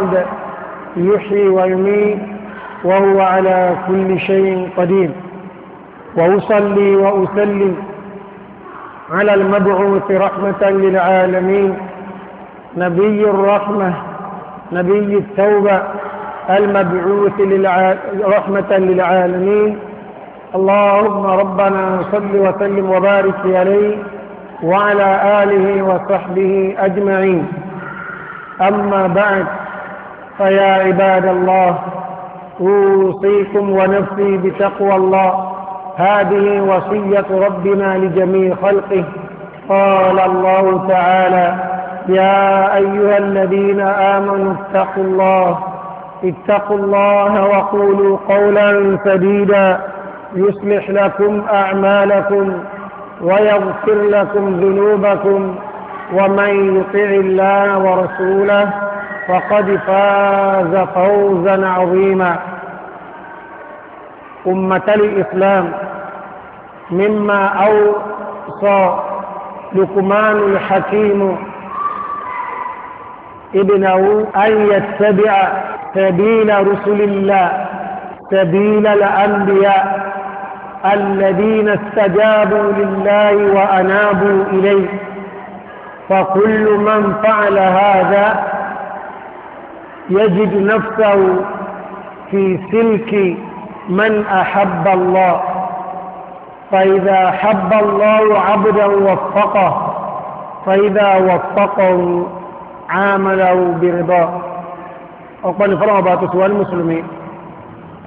الحمد يحيي ويميت وهو على كل شيء قدير وأصلي وأسلم على المبعوث رحمة للعالمين نبي الرحمة نبي التوبة المبعوث للع... رحمة للعالمين اللهم ربنا صل وسلم وبارك عليه وعلى آله وصحبه أجمعين أما بعد فيا عباد الله أوصيكم ونفسي بتقوى الله هذه وصية ربنا لجميع خلقه قال الله تعالى يا أيها الذين آمنوا اتقوا الله اتقوا الله وقولوا قولا سديدا يصلح لكم أعمالكم ويغفر لكم ذنوبكم ومن يطع الله ورسوله فقد فاز فوزا عظيما أمة الإسلام مما أوصى لقمان الحكيم ابنه أن يتبع سبيل رسل الله سبيل الأنبياء الذين استجابوا لله وأنابوا إليه فكل من فعل هذا يجد نفسه في سلك من أحب الله فإذا أحب الله عبدا وفقه فإذا وفقه عامله برضاه أقبل فرما باتس المسلمين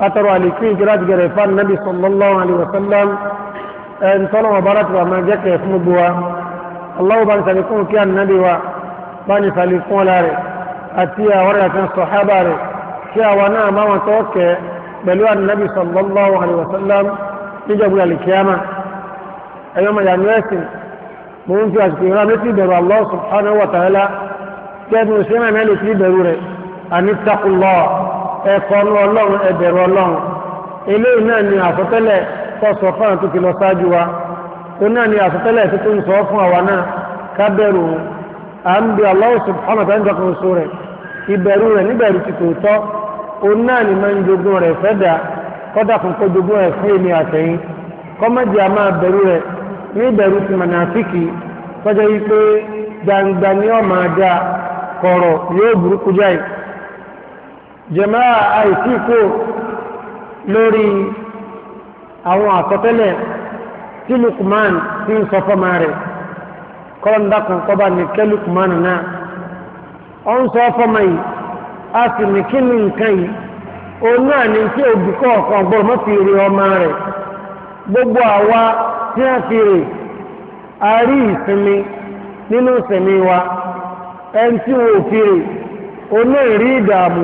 أترى لكي جراج جريفان نبي صلى الله عليه وسلم أن صلوا برات وما جاك يسمبوا الله بان سليكون كيان نبي وبان سليكون لاري àti àwọn ìrìnàkan sọ̀hábà rẹ̀ kí àwọn náà máa wọn tọ́ọ̀kẹ́ pẹ̀lú annabi sallallahu alaihi wasallam níjọba alikiyama ẹ̀yọ́ mọ̀ yàmú ẹ̀sìn mo ń fi àsìkò ìrọ̀ létí ìbẹ̀rù allah subhanahu wa ta'ala kẹ́bí mo ṣe máa mẹ́lẹ̀ sí ìbẹ̀rù rẹ̀ àní takùlọ ẹ̀kọ́ ọlọ́run ẹ̀bẹ̀rù ọlọ́run eléyìí tó ti lọ ṣáájú wa ó náà ni àsọtẹ́lẹ̀ tó tó ń sọ fún àwa náà kábẹ̀rù òun à ń bi Allah subhanahu wa rẹ̀ ìbẹ̀rù rẹ̀ níbẹ̀rù ti tòótọ́ náà ni máa ń jogún rẹ̀ dà kọ́dà fún kó rẹ̀ fún èmi àtẹ̀yìn a máa bẹ̀rù rẹ̀ ní ìbẹ̀rù ti mọ̀nàfíkì yìí pé gbangba ni ọ̀ máa dà kọ̀rọ̀ yóò burúkú jáì jẹ̀mọ́ àìsí kò lórí àwọn tí Lukman ti sọ kọ́lọ̀ndákan kọba ní kẹlùkùmánà náà ọ ń sọ fọ́mọ yìí a sì ní kí ní nǹkan yìí o náà ní tí mọ́ fi rí ọmọ rẹ̀ gbogbo àwa tí a fi a rí ìsinmi nínú ìsinmi wa ẹni tí fi o náà rí ìdààmú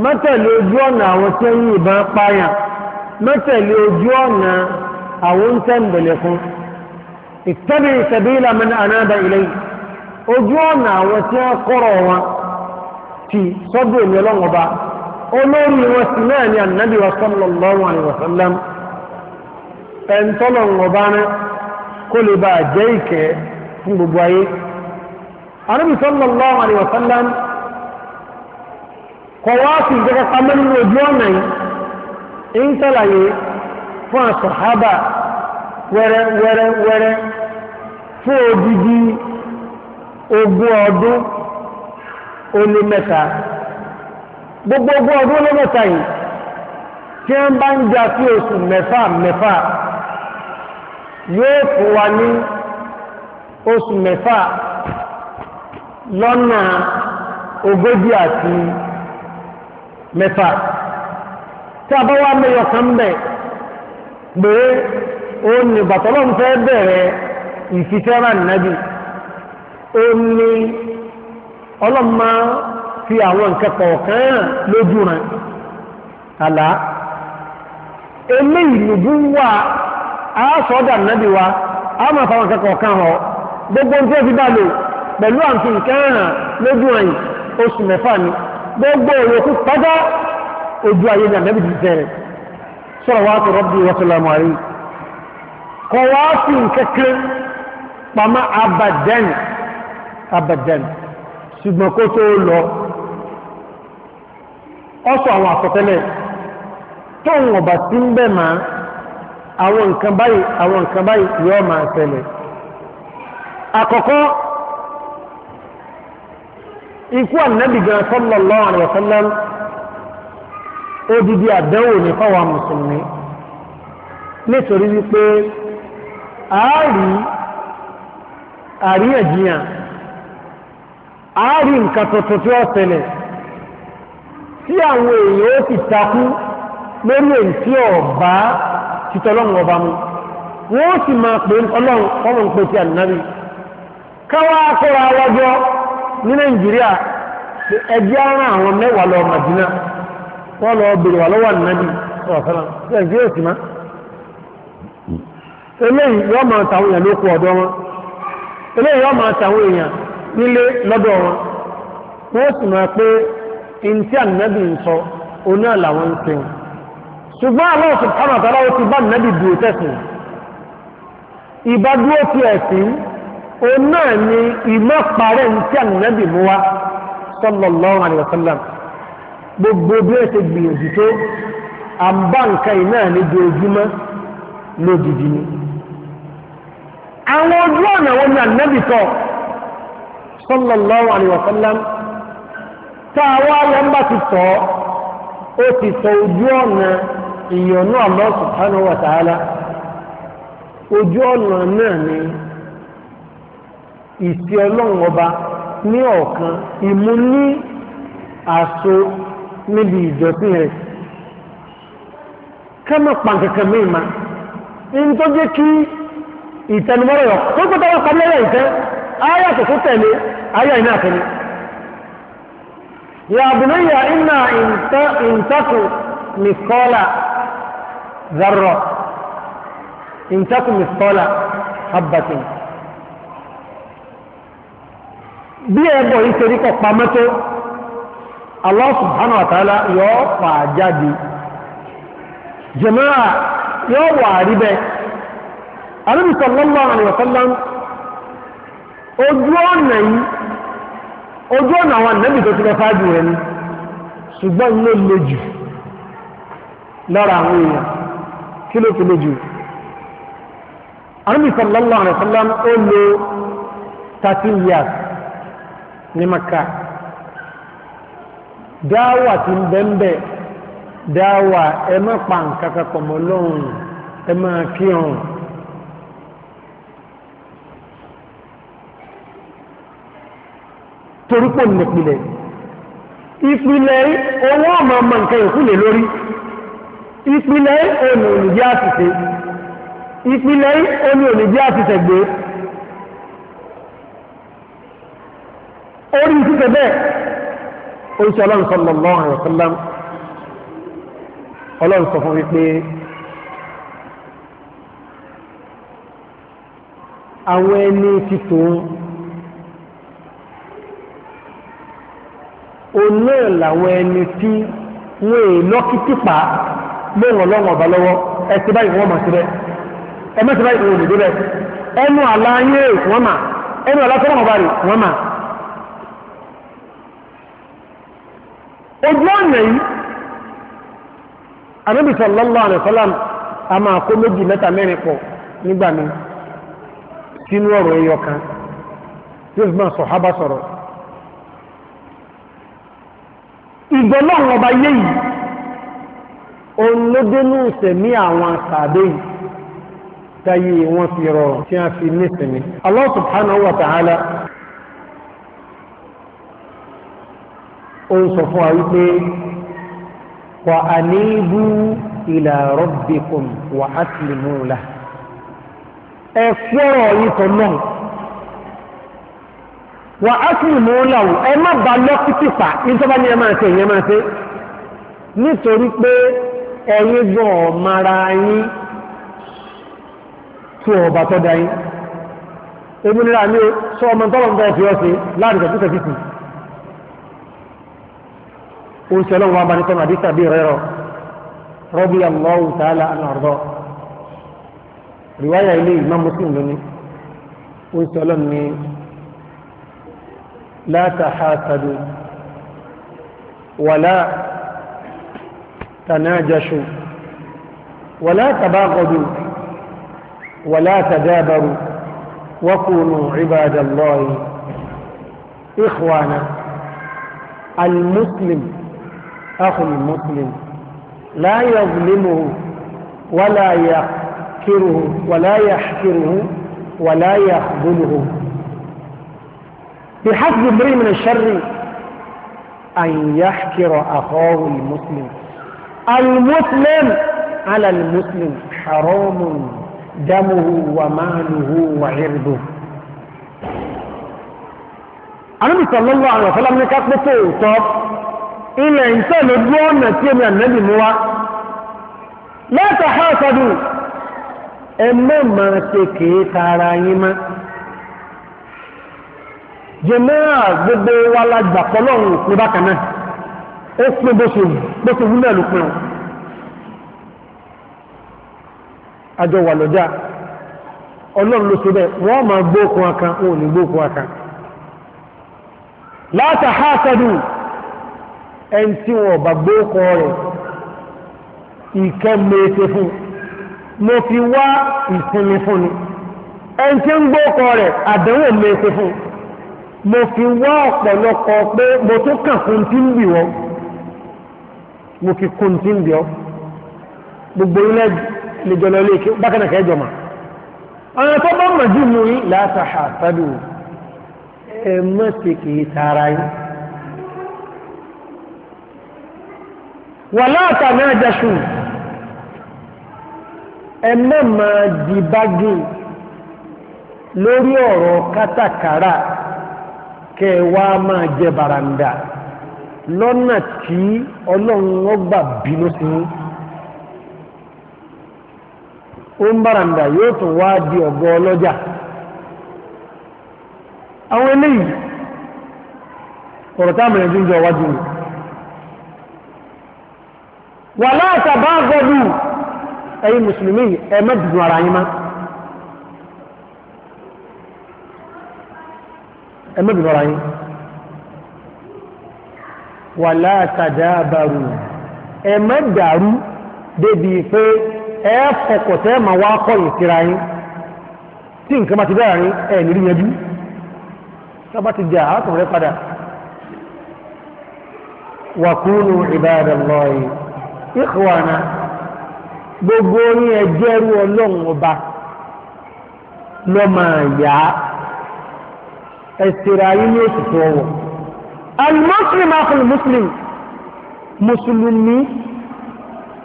mọ́tẹ̀lé ojú ọ̀nà àwọn tí ń yìnbọn pààyàn mọ́tẹ̀lé ojú ọ̀nà àwọn ń tẹ̀m̀bẹ̀lẹ̀ fún ìtẹ́bí ìtẹ̀bí ìlàmìnà ànáàdà ilẹ̀ ojú ọ̀nà àwọn tí wọ́n kọ́rọ̀ wọn ti sọ́dọ̀ èmi ọlọ́run ọba olórí wọn sì náà ni ànábì wa sallallahu alaihi wa sallam ọba náà kó lè bá jẹ́ ìkẹ́ fún gbogbo ayé ànábì sallallahu alaihi wa kọwàáfì ìjọba pamọ́ nínú ojú ọ̀nà yìí ń tàlàyé fún àṣọ̀hábà wẹ́rẹ́ wẹ́rẹ́ wẹ́rẹ́ fún odidi ogún ọdún ó lé mẹ́ta gbogbo ogún ọdún ó lé mẹ́ta yìí tí wọ́n bá ń jà sí oṣù mẹ́fà mẹ́fà yóò fún wa ní oṣù mẹ́fà lọ́nà ogójì àti mẹ́fà tí a bá wá mẹ́yọ kan bẹ̀ pé ó ní bàtọ́lọ́ fẹ́ bẹ̀rẹ̀ ìfisẹ́ràn nábì ó ní ọlọ́mọ fi àwọn nǹkan kọ̀ọ̀kan hàn lójú rẹ̀ àlá wà á sọ́dà wa hàn gbogbo tí ó fi bá lò pẹ̀lú àǹfin nǹkan lójú gbogbo òyòkú pátá ojú ayé ní àmẹ́bì ti sọ́rọ̀ wá tó rọ́bí wọ́sọ̀lámù kọ wá sí kẹ́kẹ́ pàmà abadan abadan ṣùgbọ́n kó tó lọ ọ́sọ̀ àwọn àkọtẹ́lẹ̀ tó ń ọ̀bà tí ń bẹ̀ máa àwọn nǹkan ikú ànábì gan sallallahu alaihi wasallam odidi àdánwò ní fáwọn mùsùlùmí nítorí wípé àárí àríyànjiyàn àárí nǹkan tuntun tí ó ṣẹlẹ̀ tí àwọn èèyàn ó ti takú lórí èyí tí ọ̀bá ọba mu wọ́n sì máa pè ọlọ́run ọlọ́run pé ti ànábì káwá ní nàìjíríà ẹjẹ́ ara àwọn mẹ́wàá lọ màdínà wọ́n lọ bèèrè wà lọ́wọ́ nàbí ọ̀sánà ẹ̀sí òsì má eléyìí yọ́ máa tàwọn èèyàn lókù ọ̀dọ́ wọn eléyìí yọ́ máa tàwọn èèyàn nílé lọ́dọ̀ wọn wọ́n sì máa pé ìntí ànábì ń sọ oní ń ṣùgbọ́n òun náà ni ìmọ̀ parẹ́ ní tí ànábì mú wa sallallahu alaihi wasallam gbogbo bí ó ṣe gbìyànjú tó à ń bá nǹkan yìí náà ní dojúmọ́ lójijì ni. àwọn ojú ọ̀nà wo ni ànábì tọ̀ sallallahu alaihi ìsí ọlọ́run ọba ní ọ̀kan ìmú ní àṣọ níbi ìjọsìn rẹ̀ kẹ́mọ̀ pàǹkẹ̀kẹ̀ mìíma in tó jẹ́ kí ìtẹnumọ́rọ̀ yọ tó kó tọ́wọ́ pàmílẹ̀ ìtẹ́ ayé àtẹ̀kọ́ tẹ̀lé ayé ìní àtẹ̀lé ya bunayya inna intaku mikola zarra intaku mikola habbatin bí ẹbọ yìí ṣe rí kọ pamọ́ tó Allah subhanahu wa ta'ala yóò fà jáde jẹmọ́ra yóò wà rí bẹ́ Ànábì sallallahu alaihi wasallam ojú ọ̀nà yìí ojú ọ̀nà àwọn ànábì tó ti lẹ́fà jù lára àwọn èèyàn kí ló fi le jù Ànábì sallallahu ó lo 13 years ní maka dáwà tí ń bẹ́ńbẹ́ dáwà ẹ má pa nǹkan kakọ̀ mọ́ lọ́hùn ẹ má kí ọ̀hún torí pò nípìnlẹ̀ ìpìlẹ̀ owó ọmọ ọmọ nǹkan ìkúlẹ̀ lórí ìpìlẹ̀ òní òní jẹ́ ìpìlẹ̀ òní òní jẹ́ gbé orí títẹ̀ bẹ́ẹ̀ oríṣi ọlọ́run sallallahu alaihi wasallam ọlọ́run sọ fún wípé àwọn ẹni títò oná làwọn ẹni tí wọ́n è lọ́kítìpá lóhùn ọlọ́run ọ̀bá lọ́wọ́ ẹ̀sìn báyìí wọ́n mọ̀ síbẹ̀ ẹ̀mẹ́sìn báyìí wọ́n mọ̀ síbẹ̀ ẹnu àlàyé wọ́n mà ẹnu àlàtọ́rọ̀ ọ̀bá rẹ̀ wọ́n mà ojú ọ̀nà yìí Ànábì sallallahu alaihi a máa kó méjì mẹ́ta mẹ́rin pọ̀ nígbà mi sínú ọ̀rọ̀ ẹyọ kan tí ó fi máa sàhábà sọ̀rọ̀ ìgbọ́lọ́run ọba yé yìí ìsẹ̀mí àwọn fi rọrùn tí a fi ó ń sọ fún wa wípé wa anibu ila rabbikum wa aslimu lahu ẹ fọ́rọ̀ yìí tọ́ náà wà á sì mú un lọ́wọ́ ẹ má ba lọ́kìtì fà nítorí ní ẹ máa ṣe ìyẹn máa ṣe nítorí pé ẹ̀yin gbọ́n mara yín tó ọba tó yín èmi nira ní sọ ọmọ tọ́lọ̀ ń fi ọ́ sí láàrin tẹ̀síkẹ̀síkì oúnjẹ ọlọ́run wa bá ní sọ́nà àdísà bí rẹ́rọ rọ́bì allahu ta'ala anardo riwaya ilé imam muslim lónìí oúnjẹ ọlọ́run ni la tahasadu wala tanajashu wala tabaghadu wala tadabaru وكونوا عباد الله إخوانا المسلم أخ المسلم لا يظلمه ولا يحكره ولا يحكره ولا يخذله بحسب امرئ من الشر أن يحكر أخاه المسلم المسلم على المسلم حرام دمه وماله وعرضه أنا صلى الله عليه وسلم ní ká ilẹ̀ ìṣẹ́ ló dúró ọ̀nà tí èmi mú wa lẹ́tà ha sọ́dún ẹ má ṣe tara yín mọ́ jẹmọ́ra gbogbo wa la gbà kọ́lọ́run òpin bákan náà ó pín bó ṣe bó ṣe wúlẹ̀ ló pín àjọ wà lọ́jà ọlọ́run ló ṣe bẹ́ẹ̀ wọ́n máa gbókun ha ẹni tí wọn bá gbókọ rẹ̀ fún mo fi wá ìsinmi fún ni ẹni tí ń rẹ̀ àdánwò mẹ́ẹ̀tẹ́ fún mo fi wá ọ̀pọ̀lọpọ̀ mo kàn fún tí gbogbo ilẹ̀ lẹ́jọ́ lọ lé bákan náà àwọn bá mọ̀ jù mú yín wà látàmì àjẹsù ẹ má máa di bágì lórí ọ̀rọ̀ kátàkárà kẹwàá máa jẹ baranda lọ́nà tí ọlọ́run ọgbà bínú sí ní ó baranda yóò tún wá di ọ̀gọ́ ọlọ́jà àwọn eléyìí ọ̀rọ̀ wà láàtà bá gọdù ẹ̀yin mùsùlùmí ẹ má dùn ara yín má ẹ má dùn ara yín wà láàtà dábàrù ẹ má dàrú débi pé ẹ fọkọ̀tẹ́ ma wá kọ́ ìtira yín tí nǹkan bá ti dára ní ẹ̀ yẹjú tọ́bá ti jẹ́ àátùn rẹ padà wàkúnù ìbáadàlọ́yìn ìkọ̀wàna gbogbo ní ẹjẹ́rú ọlọ́run ọba lọ máa yá ẹ̀sẹ̀rẹ̀ ayé ní òṣìṣẹ́ ọwọ́ al-muslim akọlù muslim mùsùlùmí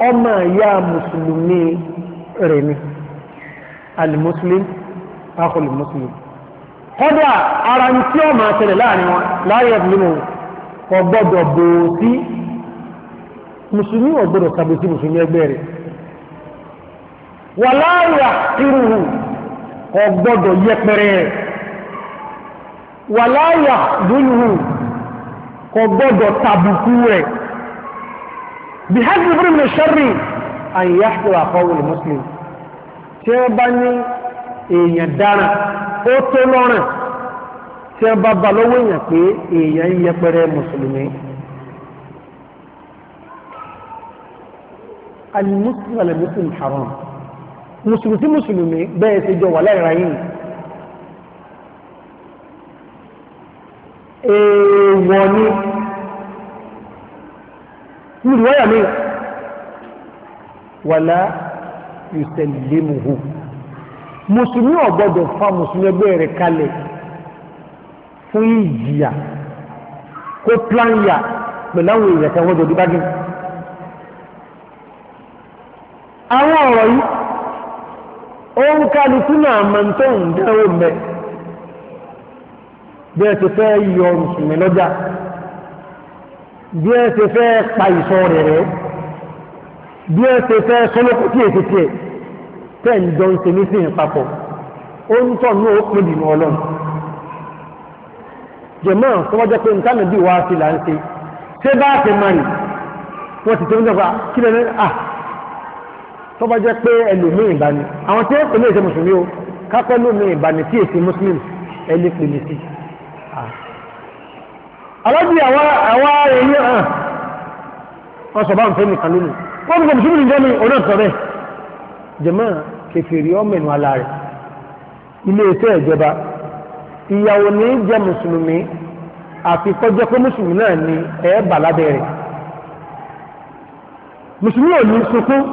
ọmọ ìyá mùsùlùmí rẹ̀ ni al-muslim akọlù kọ́dà ara ní tí ọmọ àtẹ̀lẹ̀ láàrin wọn láyé ẹ̀bùn ọgbọ́dọ̀ bòó sí mùsùlùmí ò gbọdọ̀ kàbùsí mùsùlùmí ẹgbẹ́ rẹ̀ wà láàyà irúhù ò gbọdọ̀ yẹpẹrẹ rẹ̀ wà láàyà dúnúhù kò gbọdọ̀ tàbùkù rẹ̀ bí hajj ibrahim lè ṣẹ́rì àyíyá ṣe wà fọwọ́ tí wọ́n bá ní èèyàn dára ó tó lọ́rùn tí wọ́n bá bá lọ́wọ́ èèyàn pé èèyàn yẹpẹrẹ mùsùlùmí alimusulmi alimusulmi haram musulmi tí musulmi bẹ́ẹ̀ ṣe jọ wà láìra yìí èèwọ̀ ni nílùúwáyà mi wàlá yùsẹ̀lẹ́mùhù musulmi ò gbọ́dọ̀ fa musulmi ẹgbẹ́ rẹ̀ kalẹ̀ fún ìjìyà kó pláńyà pẹ̀láwọn ìyàtẹ̀wọ́jọ́ díbágí kálukú náà mọ tó ń dẹ́wò mẹ́ bí ẹ ti fẹ́ yọ mùsùlùmí lọ́jà bí ẹ ti fẹ́ pa ìsọ rẹ̀ rẹ̀ bí ẹ ti fẹ́ sọlọ́kùtì ètìtì ẹ̀ tẹ́ ń jọ ń ṣe ní sí ìpapọ̀ ó ń tọ̀ ní òpin ìlú ọlọ́run jẹ̀mọ́ tó wọ́n jẹ́ pé nǹkan nàbí wàá sí là ń ṣe ṣé bá a ti mọ̀ rí wọ́n ti tó ń kí lẹ́nu ah, tó bá jẹ́ pé ẹlòmíì ìbáni àwọn tí wọ́n pè ní ìṣe mùsùlùmí o kápẹ́ lómii ìbáni tí èsì muslim ẹ lè pè lè sí. alájú àwa àwa èyí hàn wọ́n sọ bá ń fẹ́ nìkan lónìí wọ́n gbogbo mùsùlùmí nìjẹ́ mi òun náà sọ jẹ̀mọ́ kẹfìrí ọmọnù ala rẹ̀ ilé iṣẹ́ ìjọba ìyàwó ní jẹ́ mùsùlùmí àfi kọjọ́ pé mùsùlùmí náà ni ẹ̀ẹ́bà lábẹ́ rẹ̀ mùsùlùmí ò ní sunkún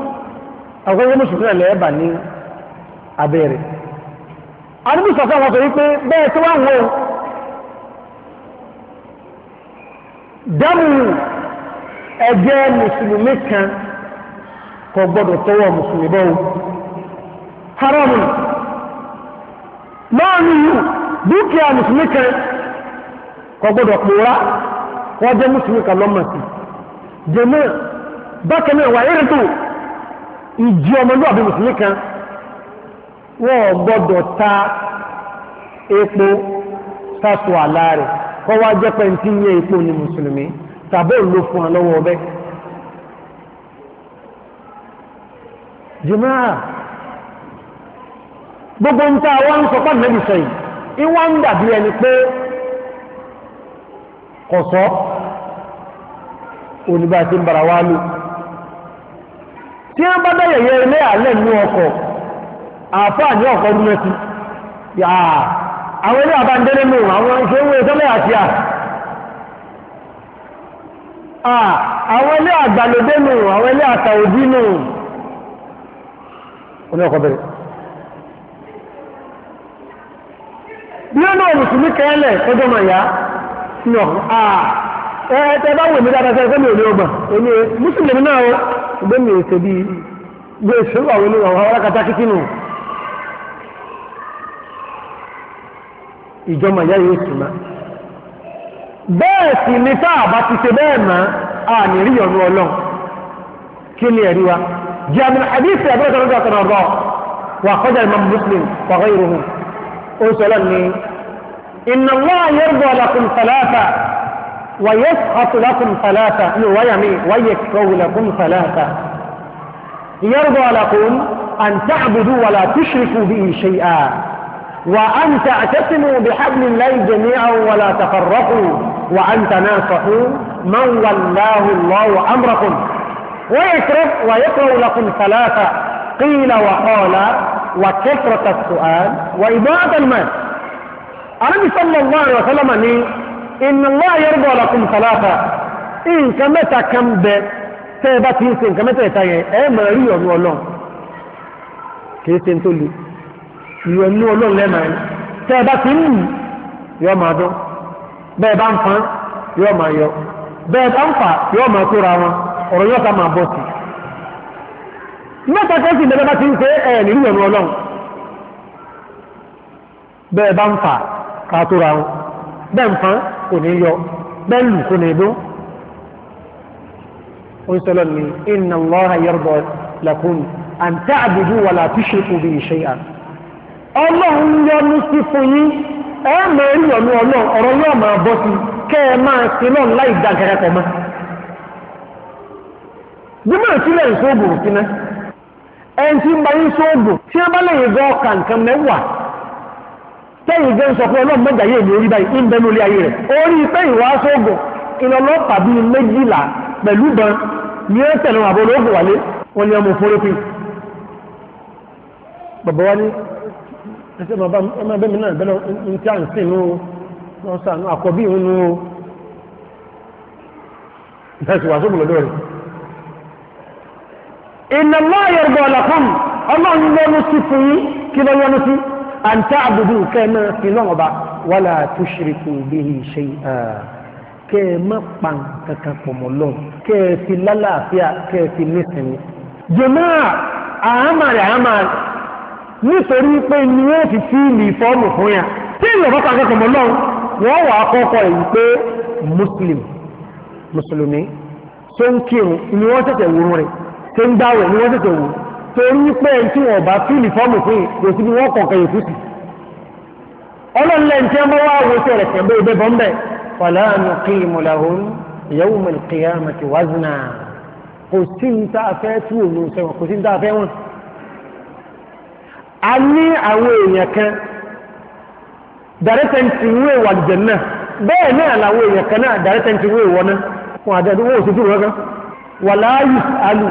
àwọn ọmọ ṣùgbọ́n ẹ̀lẹ́ ẹ̀bà ní abẹ́rẹ̀ arúgbùsọ̀sọ́ wọn sọ wípé bẹ́ẹ̀ tí wọ́n wọ́n dámù ẹgbẹ́ mùsùlùmí kan kò gbọ́dọ̀ tọwọ́ mùsùlùmí bọ́ haramu láàrin dúkìá mùsùlùmí kan kò gbọ́dọ̀ pòórá wọ́n jẹ́ mùsùlùmí kan lọ́mọ̀ sí jẹ́mọ́ bákanáà wà irin tó iji ọmọlúwàbí mùsùlùmí kan wọ́n gbọ́dọ̀ ta epo sásù àlá rẹ̀ kọ́ wá jẹ́ pẹ́ epo ní mùsùlùmí tàbí òlò fún ọ lọ́wọ́ ọbẹ̀ gbogbo ń ta wọ́n sọ pàdé mẹ́bí sọ yìí dàbí bara tí wọ́n bá dáyẹ̀yẹ ilé àlẹ́ ní ọkọ̀ àfáà ní ọ̀kọ́ àwọn ilé àbándélé mú àwọn ìṣòwò ìṣẹ́lẹ̀ àti à àwọn ilé àgbàlódé nù àwọn ilé àtàwòdí nù oní ọkọ̀ bẹ̀rẹ̀ bí ó náà ṣùgbọ́n mi ò ṣe bí gbé ìṣòro àwọn oníwà àwọn alákatá kìtìnù ìjọmọ̀ ìyá yóò sì má bẹ́ẹ̀ sì ni tá àbá ti ṣe bẹ́ẹ̀ mọ́ a ní rí ọ̀nà ọlọ́run kí ni ẹ̀rí wa jẹ́min àdíṣẹ́ àbúrẹ́ta ويسخط لكم ثلاثة ويمي ويكره لكم ثلاثة يرضى لكم أن تعبدوا ولا تشركوا به شيئا وأن تعتصموا بحبل الله جميعا ولا تفرقوا وأن تناصحوا من ولاه الله أمركم ويكره, ويكره لكم ثلاثة قيل وقال وكثرة السؤال وإضاءة المال النبي صلى الله عليه وسلم inna Allah yarda lakum salata nǹkan mẹ́ta kan bẹ tẹ́ ẹ bá ti ń ṣe nǹkan mẹ́ta ìta yẹn ẹ mọ̀ rí ọ̀nù ọlọ́run kìí ṣe tó le ìrọ̀nù ọlọ́run lẹ́mọ̀ ẹ̀ tẹ́ ẹ bá ti ń lù yọ máa dán bẹ́ẹ̀ bá ń fan yọ máa yọ bẹ́ẹ̀ bá ń fà yọ máa tóra wọn ọ̀rọ̀ yọ́ta máa bọ̀ sí mẹ́ta kan sì bẹ́ẹ̀ bá ti ń ṣe ẹ̀ nírí ọ̀nù ọlọ́run bẹ́ẹ̀ bá ń fà ká tóra wọn bẹ́ẹ̀ ń fan kò ní yọ bẹ́ẹ̀ kò ní dún ó ń sọlọ ní inna Allaha an la tushriku bihi shay'an ọlọ́run yọ́nú sí fún yín ẹ mẹ́rin ọ̀nà ọ̀rọ̀ yóò máa bọ́ sí ẹ máa sí náà láì dá gẹ́gẹ́ mọ́ gbígbà sílẹ̀ ìṣòògùn sínú ẹni tí ń bá yín tí bá lè yẹ tẹ́yìn jẹ́ ń sọ fún ọlọ́run mẹ́jà n'ụlọ orí báyìí ń bẹnu ilé ayé rẹ̀ orí tẹ́yìn wá sóògùn ìlọlọ́pàá bíi méjìlá pẹ̀lú ban ní ó tẹ̀lé wọn àbọ̀ olóògùn wálé wọn ni ọmọ òfurufú bàbá wa ní ẹsẹ̀ bàbá ọmọ ẹgbẹ́ mi náà ń tí ń sìn nù wọn àkọ́bí nù sóògùn lọ́dọ̀ rẹ̀ ìnàlọ́ ọ̀làkùn àǹtá àbùdù kẹ́ẹ̀mọ́ sí lọ́wọ́ba wàlá tushriku bihi shay'a kẹ́ẹ̀mọ́ pa kankan pọ̀ mọ́ lọ́wọ́ kẹ́ẹ̀fì lálàáfíà kẹ́ẹ̀fì nísìnyí. jẹ́mọ́ àhámàrẹ̀ àhámàrẹ̀ nítorí pé ni wọ́n fi fíìlì fọ́ọ̀mù fún yà tí ìlú ọ̀fọ́ kan kankan mọ́ lọ́wọ́ wọ́n wà kọ́kọ́ èyí pé muslim mùsùlùmí tó ń kírun ni wọ́n tẹ̀tẹ̀ wúrú rẹ̀ tó ń dáwẹ̀ ni wọ́n tẹ̀tẹ̀ wúrú torí pé ẹni tí wọn bá fíìlì fọ́ọ̀mù fún yìí kò sí bí wọ́n kọ̀ọ̀kan yìí fúsì ọlọ́ọ̀lẹ́ni tí wọ́n wá wo sí ẹ̀rẹ̀ pẹ̀lú ìbẹ́ bọ́ ń bẹ̀ fala nuqimu lahum yawm al-qiyamati wazna kò sí ní tá a fẹ́ tú òun sẹ́wọ̀n kò sí ní tá a fẹ́ wọn. a ní àwọn èèyàn kan bẹ́ẹ̀ èèyàn kan náà náà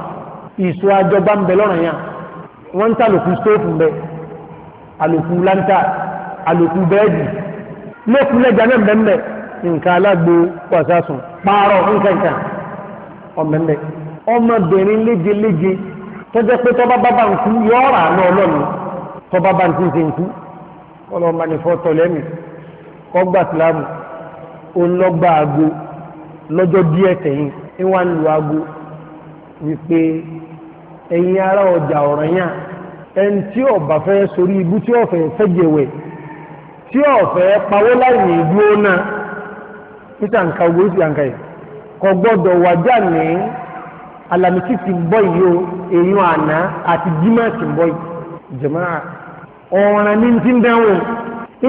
isu ajọba ń bẹ ya. yẹn wọ́n ń ta stóòfù bẹ àlòkù láńtà àlòkù bẹ́ẹ̀dì lókùnlẹ́jà náà mẹ́mẹ́ nǹkan alágbó pàṣásùn pààrọ̀ nǹkankan ọ̀mẹ́mẹ́ ọmọbìnrin léje léje tọ́jọ́ pé tọ́ba bábà ń kú yọ ọ̀rà tọ́ba bá ń tún ṣe ń kú fọ́ kọ́gbà lọ́jọ́ díẹ̀ tẹ̀yìn ń Enyi ara ọjà ọ̀ràn yá ẹni tí ọba fẹ́ sórí ibú tí ọ̀fẹ́ fẹ́jẹ̀wẹ̀ tí ọ̀fẹ́ pawó láìní dúró náà títà nǹkan ogun títà nǹkan yìí kò gbọ́dọ̀ ní alamisi ti ń yìí o èyí àná àti jimá ti ń yìí jẹ̀mọ́ ọ̀ràn ti ń dánwò ntí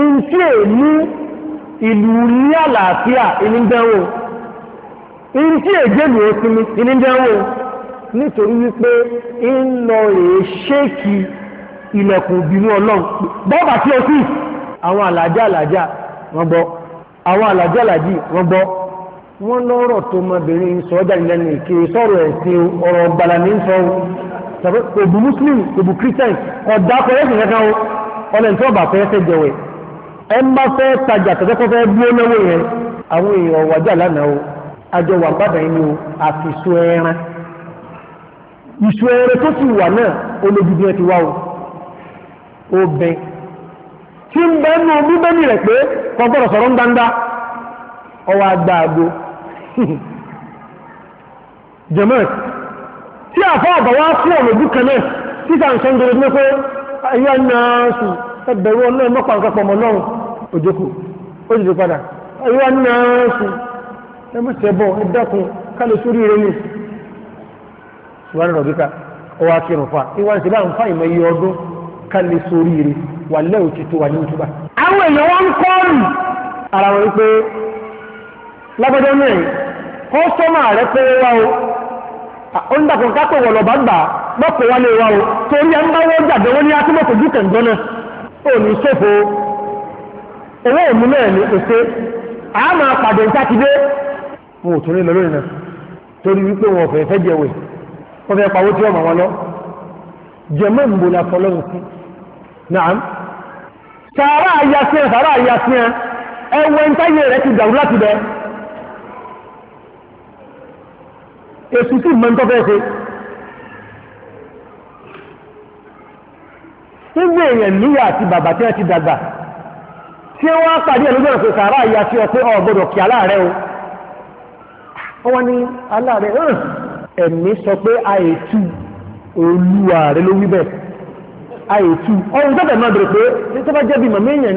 ìlú nítorí wípé ń lọ rèé ṣéèkì ilẹ̀kùn ìbínú ọlọ́run bọ́ọ̀bà tí ó sì àwọn àlàjá àlàjá wọ́n gbọ́ àwọn àlàjá àlàjì wọ́n gbọ́ wọ́n lọ́rọ̀ tó mọ́bìnrin sọ́jà ìlẹ́nu ìké sọ̀rọ̀ ẹ̀sìn ọ̀rọ̀ ọ̀gbàlà ní sọ òbú muslim òbú christian ọ̀dà kọ̀ọ̀yẹ́sìn kankan ọlẹ̀ tí wọ́n bà fẹ́ fẹ́ jẹ̀wẹ̀ ẹ ń bá fẹ́ tajà tẹ̀tẹ́kọ́ fẹ́ bí ó lọ́wọ́ yẹn àwọn èèyàn wàjà lánàá o àjọ wà bàbá yín o àfìsọ ẹran ìṣù ẹrẹ tó ti wà náà olójúdí ẹ ti wá o obìn tí ń bẹ nù bíbélì rẹ pé kò sọ̀rọ̀ ń dáńdá ọwọ́ àgbà si tí àfọ àbáwá fún ọlọdún kan náà títà ń sọń dọdọ pé ayé náà sùn ẹbẹrù ọlọ́run mọpa nǹkan pọmọ náà òjòkó ó padà ayé náà sùn wọ́n rẹ̀ rọ̀bíkà ọwọ́ akírun fa ìwọ̀n ti bá ń fa ìmọ̀ iye ọdún kálí sórí rẹ̀ wà lẹ́ò ti wà ní ìtúbà. àwọn èèyàn wọn ń kọ́ ọ̀rù ara wọn pé lágbẹ́jọ́ náà kọ́sọ́mà rẹ̀ pé wá o ó ń wọ̀ lọ́ba gbà wá lè wá o torí ẹ̀ ń bá wọ́n jàdé ní atúmọ̀tò ò ní wọ́n fẹ́ pàwó tí ọmọ wọn lọ jẹmọ́ ìbò ní afọlọ́run sí náà sàárà ayásíẹ̀ sàárà ayásíẹ̀ ẹwẹ́ ń táyé rẹ̀ ti dàrú láti bẹ èsù sí mọ́ tó fẹ́ ṣe nígbè èèyàn níyà àti bàbá tí wọ́n ti dàgbà tí wọ́n á pàdé ẹ̀lú náà pé sàárà ayásíẹ̀ pé ọ̀gbọ́dọ̀ kí aláàrẹ̀ o wọ́n ní aláàrẹ̀ ọ̀rùn ẹ̀mí sọ pé àìtú olúwa rẹ̀ ló wí bẹ́ẹ̀ àìtú ọ̀run tọ́tẹ̀ máa bèèrè pé jẹ́ bí màmí èèyàn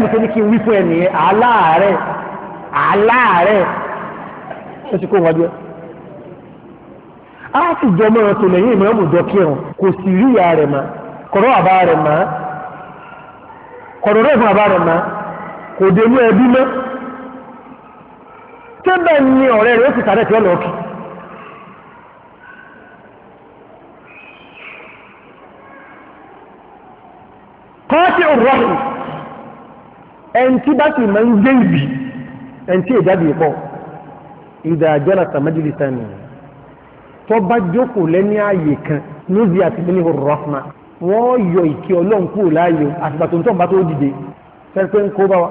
ni tó ní kí n wí fún ẹ̀mí aláàárẹ̀ aláàárẹ̀ ó ti kó wájú ẹ̀ á sì jọ mọ́ra tó lẹ́yìn ìmọ̀ọ́mù dọ́kíràn kò sì rí ìyá rẹ̀ kọ̀rọ̀ àbá rẹ̀ kọ̀rọ̀ rẹ̀ fún àbá rẹ̀ kò dé ní ẹbí mọ́ tẹ́bẹ̀ ni ọ̀rẹ́ rẹ̀ ó sì sáré tí ó lọ kí kọ́ọ̀tì òrọ̀hìn ẹn tí bá sì máa ń gbé ìbí ẹn tí ìjáde pọ̀ ìdá àjọ́nà tàmájìlì sẹ́nu tó bá jókòó lẹ́ní ààyè kan níbi àti ní òrọ̀hìn wọ́n yọ ìkí ọlọ́run kúrò láàyè tó ń bá tó dìde fẹ́ ń kó bá wa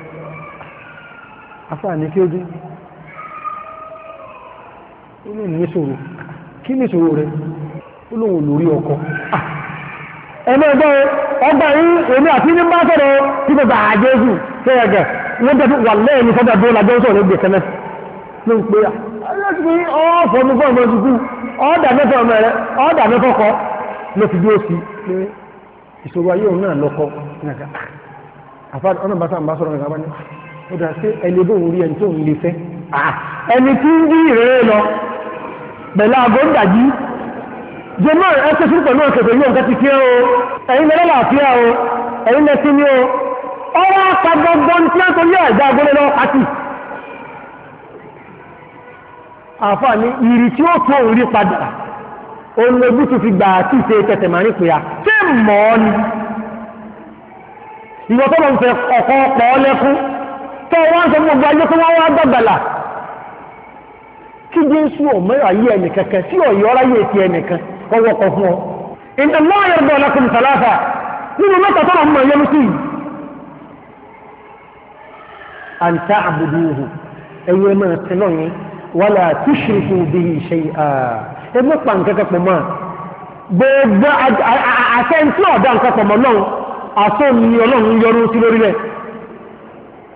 afáà ní kí ó dín ó ní ìníṣòro kí ní ìṣòro rẹ̀ ó lóun lórí ọkọ̀ ẹgbẹ́ ọgbà yìí èmi àti ní bá tí bàbá wà lẹ́yìn ní sọ́dọ̀ bóòlà jẹ́ sọ̀rọ̀ gbèsè mẹ́ ló ń pè á ọmọ ọmọ rẹ ló fi pé ìṣòro ayé òun náà nígbà àfáà ó dà sí ẹni bó ń rí ẹni tó ń lè fẹ́ ah, ẹni tí ń rí ìrẹ́rẹ́ lọ pẹ̀lú àgọ́ ìdàjí jẹmọ́ ẹ̀kọ́ sí pẹ̀lú òkèkè yóò nǹkan ti kí o ẹ̀yin lẹ́lẹ́ làáfíà o ẹ̀yin lẹ́sí ní o ọwọ́ apá gbogbo ní tí wọ́n torí ẹ̀dá agolo lọ́wọ́ pátì àfààní ìrì tí ó tó orí padà òun ojú tó fi gbà tí ìṣe tẹ̀tẹ̀ máa ní pìyà tí mọ́ ni ìwọ́n tó lọ ń fẹ́ ọ̀kọ́ ọ̀pọ̀ ọlẹ́kún tọ́ wọ́n sọ gbogbo ayé tó wọ́n wá dọ̀gbàlà kí jésù ọmọ ayé ẹnìkankan sí ọ̀yọ́ ọláyé ti ẹnìkan kọ fún ọ. ìdè náà yẹ bọ̀ lọ́kùn sàlàfà nínú mẹ́ta tó lọ́mọ yẹn sí àǹtá àbùdù ihò ẹ̀yẹ máa yẹn pa pọ̀ mọ́ gbogbo ọ̀dà pọ̀ mọ́ náà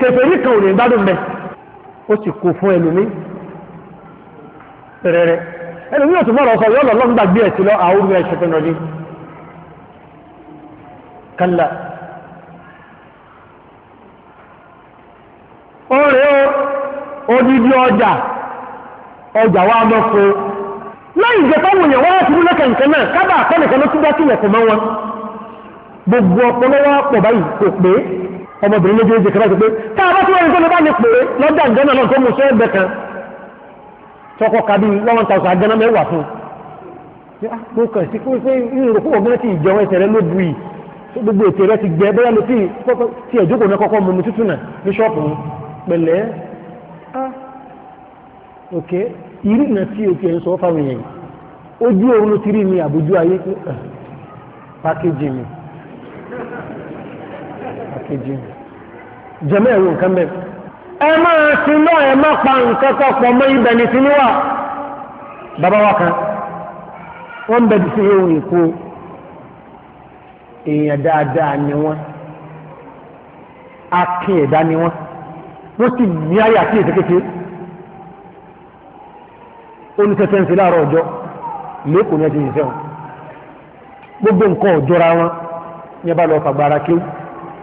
kẹfẹ́rí kan ò ní gbádùn bẹ́ẹ̀ ó sì kó fún ẹlòmí rẹ̀rẹ̀ ẹlòmí ò tún mọ̀rọ̀ yọ́ lọ́lọ́ gbàgbé ẹ̀ sí lọ àwọn olùgbé ẹ̀ṣẹ̀ ọjà ọjà wa mọ́kó láì jẹ́ wọ́n ti múlẹ̀ kẹ̀kẹ́ náà ọmọbìnrin méjèèjì kan láti pé tá a bá tí wọ́n rí sọ́nà bá ní pé lọ́dà ìjọ́nà náà tó mú sọ ẹgbẹ́ kan tọkọ kabi one thousand agana mẹ́wàá fún ah, mo kàn sí pé pé ìrò kó ọgbẹ́ ti ìjọ ẹsẹ̀ rẹ ló bu yìí gbogbo ètò rẹ ti gbẹ bóyá ló ti ti ẹ̀jókòó náà kọ́kọ́ mọ̀mọ́ tútù náà ní ṣọ́ọ̀pù pẹ̀lẹ́ ah, ok ìrì náà tí o ti ẹ̀ ń sọ fáwọn èèyàn ojú oorun ti rí mi àbójú ayé ah, pákéjì mi ẹlẹ́ẹ̀kejì jẹ́mọ́ ẹ̀rù nǹkan bẹ́ẹ̀ ẹ máa ti lọ ẹ má pa nǹkan kan pọ̀ mọ́ ibẹ̀ ní sí níwà bàbá wa kan wọ́n bẹ̀rẹ̀ sí ewu èkó èèyàn dáadáa ni wọ́n akin ẹ̀dá ni wọ́n wọ́n sì ní ayé àti ètò kékeré ń fi láàárọ̀ ọjọ́ lẹ́kọ̀ọ́ ní ẹ̀sìn ìṣẹ́ wọn gbogbo nǹkan ọ̀jọ́ra wọn ní bá lọ fàgbára kéwù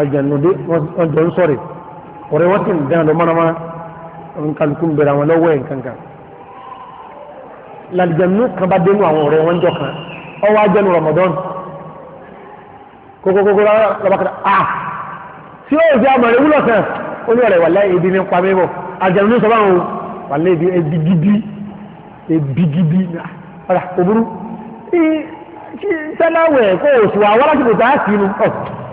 àjànúdé wọ́n jọ ń sọ̀rẹ̀ ọ̀rẹ́ wọ́n sì ń dáná lọ mọ́nàmọ́ná nkàlùkù ń bẹ̀rẹ̀ àwọn lọ́wọ́ ẹ̀ nkankan làlìjànú kan bá dénú àwọn ọ̀rẹ́ wọn jọ kan ọwọ́ ajẹ́nu Ramadan kókókókó lọ́bàkàtà à ah, tí ó fi àmọ̀ rẹ̀ wúlọ̀ kan ó ní ọ̀rẹ́ wàlẹ́ ibi ní pa mẹ́bọ̀ àjànú sọ báwọn wàlẹ́ ibi ẹbí gidi ẹbí gidi ọ̀rà òbúrú tí sẹ́láwẹ̀ kó oṣù àwọn alájùmọ̀ tá a sì nù ọ̀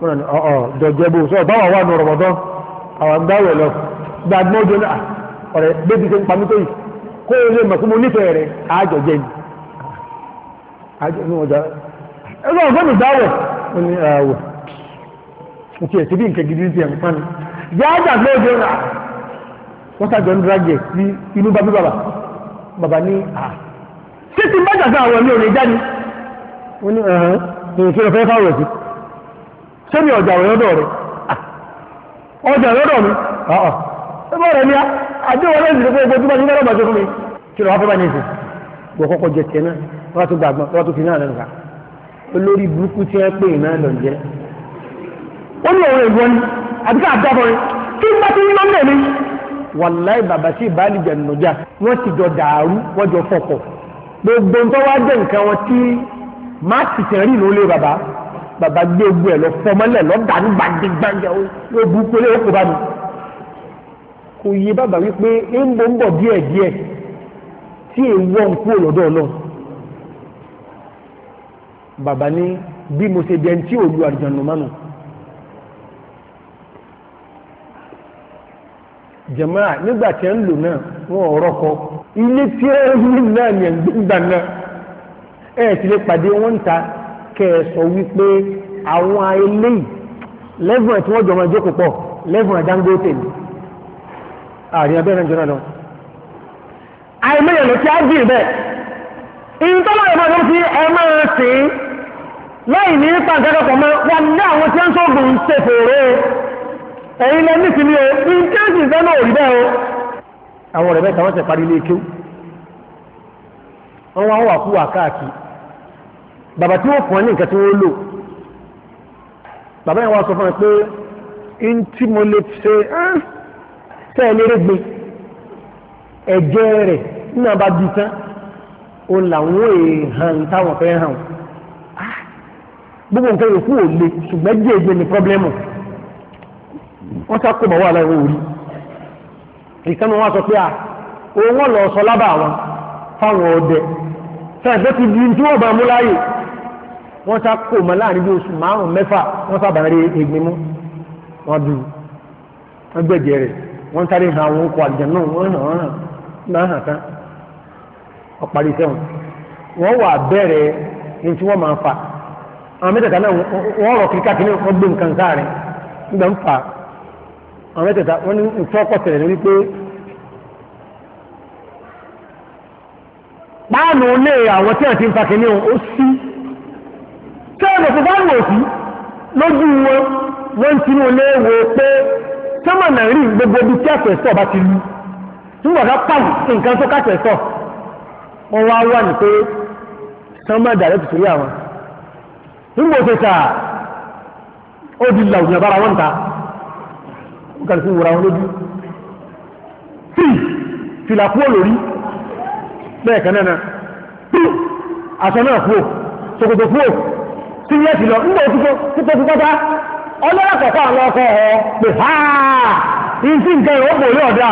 wọn ọ̀ọ̀ jọjẹbo sọ báwa wà ní Ramadan àwọn gbáwẹ̀ lọ gbàgbọ́ jọ náà ọ̀rẹ́ bébí ṣe ń pa yìí kó o lè mọ̀ fún mo nífẹ̀ẹ́ rẹ̀ àjọjẹ ni ẹgbẹ́ ọ̀gbọ́n mi gbáwẹ̀ ó ní àwọ̀ òkè ẹ̀sìn bí nǹkan gidi ti ẹ̀ ń pa ni yáàjà gbọ́ jọ náà wọ́n sàjọ ń dragẹ̀ sí inú bàbí bàbá bàbá ní à títí bá jàgbá àwọn mi ò ní jáde ó ní ẹ̀hán èyí kí lọ fẹ́ fáwọn Ah. Ah, ah. ṣé mi ọjà òyọ́dọ̀ rẹ̀ ọjà òyọ́dọ̀ mi ọ̀ọ̀ ṣé bọ́ rẹ̀ ní a àdéhùn ọlọ́sìn tó gbogbo túbọ̀ nígbà lọ́bàá tó fún mi kí lọ́wọ́ fẹ́ bá ní ìsìn wọ́n kọ́kọ́ jẹ tiẹ̀ náà wọ́n tó gbàgbọ́ wọ́n tó fi náà lẹ́nu ká olórí burúkú tí wọ́n pè náà lọ jẹ́ ó ní òun ìbọn ni àti ká àdábọ̀rin kí n bá ti ní lọ́nà mi wàláì bàbá sí ìbáàlì jẹ̀nùjà wọ́n ti jọ dàrú wọ́n jọ fọ̀pọ̀ gbogbo nǹkan wá jẹ́ nǹkan wọn tí má sì tẹ̀rí ló lé bàbá bàbá gbé ogun ẹ̀ lọ fọmọlẹ̀ lọ́dàánú gbàdégbàjà ó bu pélé ó kò bá mi. kò yé bàbá wípé ń bọ̀ ń bọ̀ díẹ̀ díẹ̀ tí èèwọ̀ ń kú lọ́dọ̀ náà. bàbá ní bí mo ṣe di ẹni tí ò lu àdìjànù mánu. jẹ̀máà nígbà tí ẹ̀ ń lò náà wọ́n ọ̀rọ̀ kọ ilé tí ẹ̀ ń lò náà ni ẹ̀ ń gbà náà ẹ̀ sì lè pàdé wọn ta kẹ́ ẹ sọ wípé àwọn eléyìí lẹ́fún ẹ̀ tí wọ́n jọ máa pọ̀ lẹ́fún ẹ̀ Dangote ni àárín abẹ́rẹ́ ìjọba lọ. àìmọye ti á bẹ́ẹ̀ ìyìn tó láyé máa ló fi ẹ máa sìn ní mọ́ wọn ní àwọn tí ń ṣe ní kìíní o ìjẹ́sì ìfẹ́ náà rí bẹ́ẹ̀ o. àwọn ọ̀rẹ́ mẹ́ta wọ́n ti parí ilé kéwù wá wà kú bàbá tí wọ́n fún ọ ní nǹkan tí wọ́n lò bàbá yẹn wá sọ fún ẹ pé n tí mo lè ṣe ṣe ah, ẹ lérè gbé ẹ̀jẹ̀ rẹ̀ nínú àbá bíi tán òun làwọn èèhàn táwọn fẹ́ hàn ah, gbogbo nǹkan yòókù ò le ṣùgbọ́n díẹ̀ díẹ̀ ní pọ́blẹ́mù wọ́n sá kó bọ̀ wà láwọn orí ìkànnì wọn sọ pé à òun wọn lọ sọ lábàá wọn fáwọn ọdẹ fẹ́ẹ̀ fẹ́ ti di tí wọ́n bá mú láàyè wọ́n sá kò mọ́ láàrin bí oṣù márùn-ún mẹ́fà wọ́n sábà rí egbin mú wọ́n dùn wọ́n gbẹ̀jẹ̀ rẹ̀ wọ́n sáré àwọn okò àjẹ́ náà wọ́n hàn wọ́n hàn náà hàn tán ọ̀parí sẹ́wọ̀n wọ́n wà bẹ̀rẹ̀ ní tí wọ́n máa fà àwọn mẹ́tẹ̀ẹ̀ta náà wọ́n rọ̀ kí wọ́n gbé nǹkan sáàrin nígbà ń fà àwọn mẹ́tẹ̀ẹ̀ta fa kìnìún ó kẹ́ẹ̀mọ̀ tó bá wò sí lójú wọn wọ́n ti mú lé wo pé sọ́mọ̀ náà rí gbogbo ibi tí àtẹ̀sọ̀ bá ti lu nígbà tó pàlù nǹkan tó kàtẹ̀sọ̀ wọ́n wá wà ní pé sọ́mọ̀ dàrẹ́ tuntun rí àwọn nígbà tó sà ó di làwùjọ bára wọn ta ó kàrí sí wòra wọn lójú tí fìlà kúrò lórí bẹ́ẹ̀ kan náà aṣọ náà kúrò ṣòkòtò kúrò tí yẹ ti lọ nígbà òtútù títọ́ ti pátá ọlọ́rọ̀ àwọn ọkọ̀ ọ̀ pé ha ìsí nǹkan ìwọ́ kò rí ọ̀dà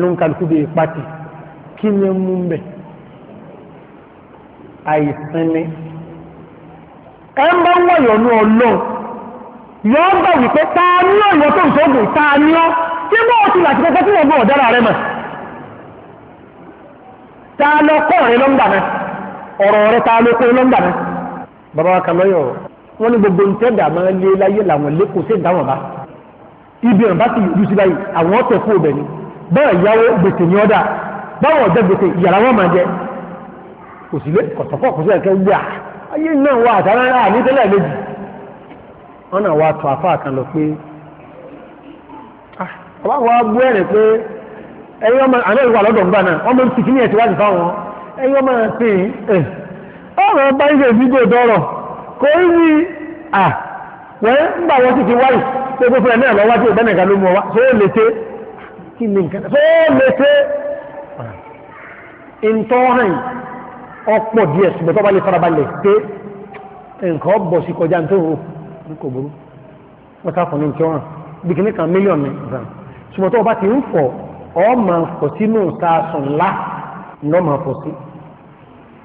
ló ń kálukú bíi pátì kí ni mú bẹ̀ àìsàn ẹ ń bá wọ̀yọ̀ ní bá wípé ta ni tó ta ni mọ́ ọtí láti tí wọ́n gbọ́ ọ̀dára bàbá wa kan lọ́yọ̀ wọ́n ní gbogbo ntẹ́dà máa lé láyé làwọn lẹ́kọ̀ọ́ sí ìdáwọn bá ibi ọ̀nà bá ti yọjú sí báyìí àwọn ọ̀tọ̀ fún ọbẹ̀ ni báwọn ìyàwó gbèsè ní ọ̀dà báwọn ọ̀dẹ́ gbèsè ìyàrá wọn máa jẹ kò sí lé kọ̀tọ̀fọ̀ kò sí ẹ̀kẹ́ ayé náà wà àtàrà ní tẹ́lẹ̀ méjì ah, wa ẹ̀rẹ̀ pé ọ̀rọ̀ bá ilé ìdígbò dọ́rọ̀ kò ń rí à wọ́n ń bà wọ́n ti fi wáyì pé gbogbo ẹ̀ náà lọ́wọ́ tí ìbẹ́nì kan ló mú ọ wá ṣé ó lè ṣe kí ni nǹkan ṣé ó lè ṣe ìtọ́hàn ọ̀pọ̀ díẹ̀ ṣùgbọ́n tó bá lè farabalẹ̀ pé nǹkan bọ̀ sí kọjá tó hù ní kò burú wọ́n sá fún ní tí wọ́n bí kìíní kan mílíọ̀nù ní ìgbà ṣùgbọ́n tó bá ti ń fọ̀ ọ́ máa fọ̀ sínú ìta sùn ńlá ńlọ́ máa fọ̀ sí.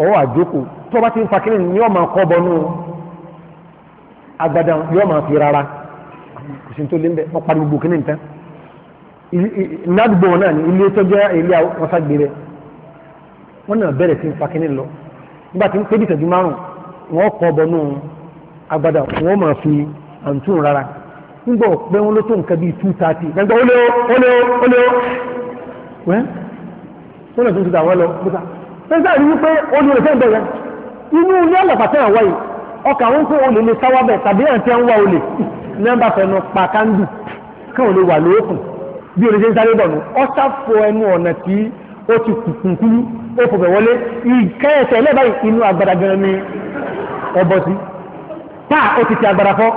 ọwọ́ àjókò tó bá ti ń fakiri ni ma kọ bọ nụ agbada yọ́ ma fi rárá kò sí tó lé ń bẹ́ wọ́n parí gbogbo náà ni ilé tó jẹ́ ilé àwọn ságbére wọ́n náà bẹ̀rẹ̀ sí lọ nígbà tí ń pé bìtẹ̀jú márùn wọ́n kọ́ bọnú agbada wọ́n ma fi rárá nígbà pé wọ́n ló tó nǹkan bíi two thirty ó lé ó ó lé ó ó pẹ́sẹ́ rí wípé olè rẹ̀ fẹ́ bẹ̀rẹ̀ inú ilé ọlọ́pàá àwọ̀ yìí ọkà wọn kó olè lè sáwábẹ̀ tàbí àti ẹ̀ ń wá olè nọ́mbà fẹnu pa kándù káwọn olè wà lóòkùn bí olè ṣe ń sáré bọ̀nù ọ́sà fọ ẹnu ọ̀nà tí ó ti kùkùnkùn ó fòfẹ̀ wọlé ìkẹ́ ẹsẹ̀ ẹlẹ́bà inú agbada gan ni ẹbọ sí tá ó ti ti agbada fọ́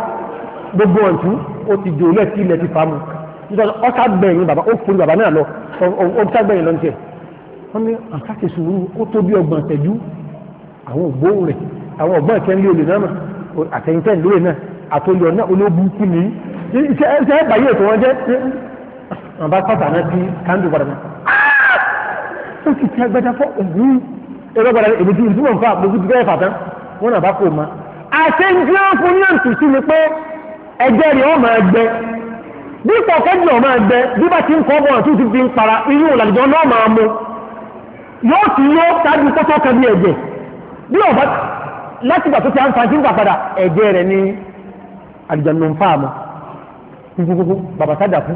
gbogbo ọ̀tún ó ti jò lẹ́ẹ̀tì ilẹ̀ ti fàámu nítorí ọ́sà gbẹ̀yìn bàbá ó forí bàbá náà lọ ó sàgbẹ̀yìn lọ́ntì ẹ̀ wọ́n ní àkàtì ah, sùúrù ó tó bí ọgbọ̀n tẹ̀jú àwọn ògbóhùn rẹ̀ àwọn ọgbọ́n ìkẹ́ńlé olè náà àtẹ̀yìntẹ́ ìlúwẹ̀ náà àtòlùọ̀ náà ológun kú ní iṣẹ́ ẹ̀bàyé ètò wọn jẹ́ àbá pátá náà ti kándù padà náà ó sì ti agbẹ́dá fọ́ ògùn ẹgbẹ́ padà èmi tí ìtumọ̀ nǹkan àpòkù ti gẹ́rẹ́ fàtán wọn náà bá kó ma. àṣejú fún náà tù sí ni pé ẹgbẹ́ rẹ̀ ọ́ máa gbẹ bí pọ̀kẹ́jì ọ̀ máa gbẹ bí bá ti ń kọ́ bọ̀ àtúntì fi ń para irú ìlànà náà máa mú yóò ti yó ṣáájú kó tó kan bí ẹ̀jẹ̀ bí ọ̀bá láti gbà tó ti àǹfààní ń gbà padà ẹ̀jẹ̀ rẹ̀ ní àlùjànnú ń fà kúkúkú bàbá sádà fún.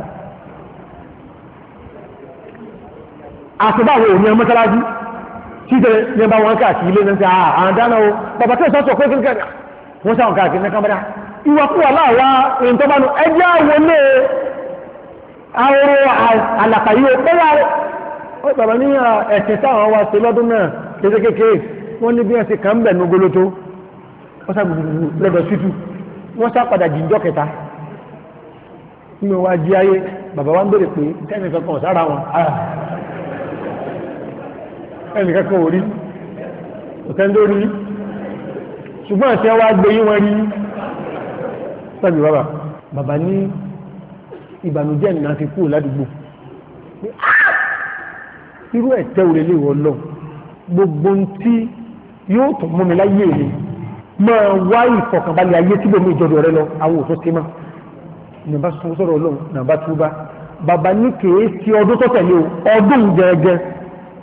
àtúbà títẹ ní ọba wọn káàkiri ilé náà ti ah, àwọn dáná o bàbá tó sọ́sọ́ pé kíkẹ́ wọ́n sáwọn káàkiri náà ìwàkúwà bàbá ní ah, ẹ̀sìn táwọn wá sí lọ́dún náà kéde kékeré wọ́n ní bí wọ́n ṣe kàn bẹ̀ nógolo tó wọ́n sá gbogbo lọ́dọ̀ tútù wọ́n sá padà jíjọ́ kẹta nínú wa jí ayé bàbá wa ń bèrè pé tẹ́nì kankan sára wọn ah. ẹnì kankan ò rí òtẹ́ńdó rí ṣùgbọ́n àti ẹwà gbé yí wọn rí pẹ̀lú bàbá bàbá ìbànújẹ́ nà ti kú ládùúgbò irú ẹ̀tẹ́ òrè lè wọ́n lọ gbogbo tí yóò tó mú mi láyé mi máa wá ìfọ̀kànbalẹ̀ ayé tí bòmí ìjọdọ̀ rẹ lọ àwọn òtó sí mọ́ nàbá sọ sọ̀rọ̀ ọlọ́run nàbá túbá bàbá ní kèé sí ọdún tó tẹ̀lé o ọdún gẹ́gẹ́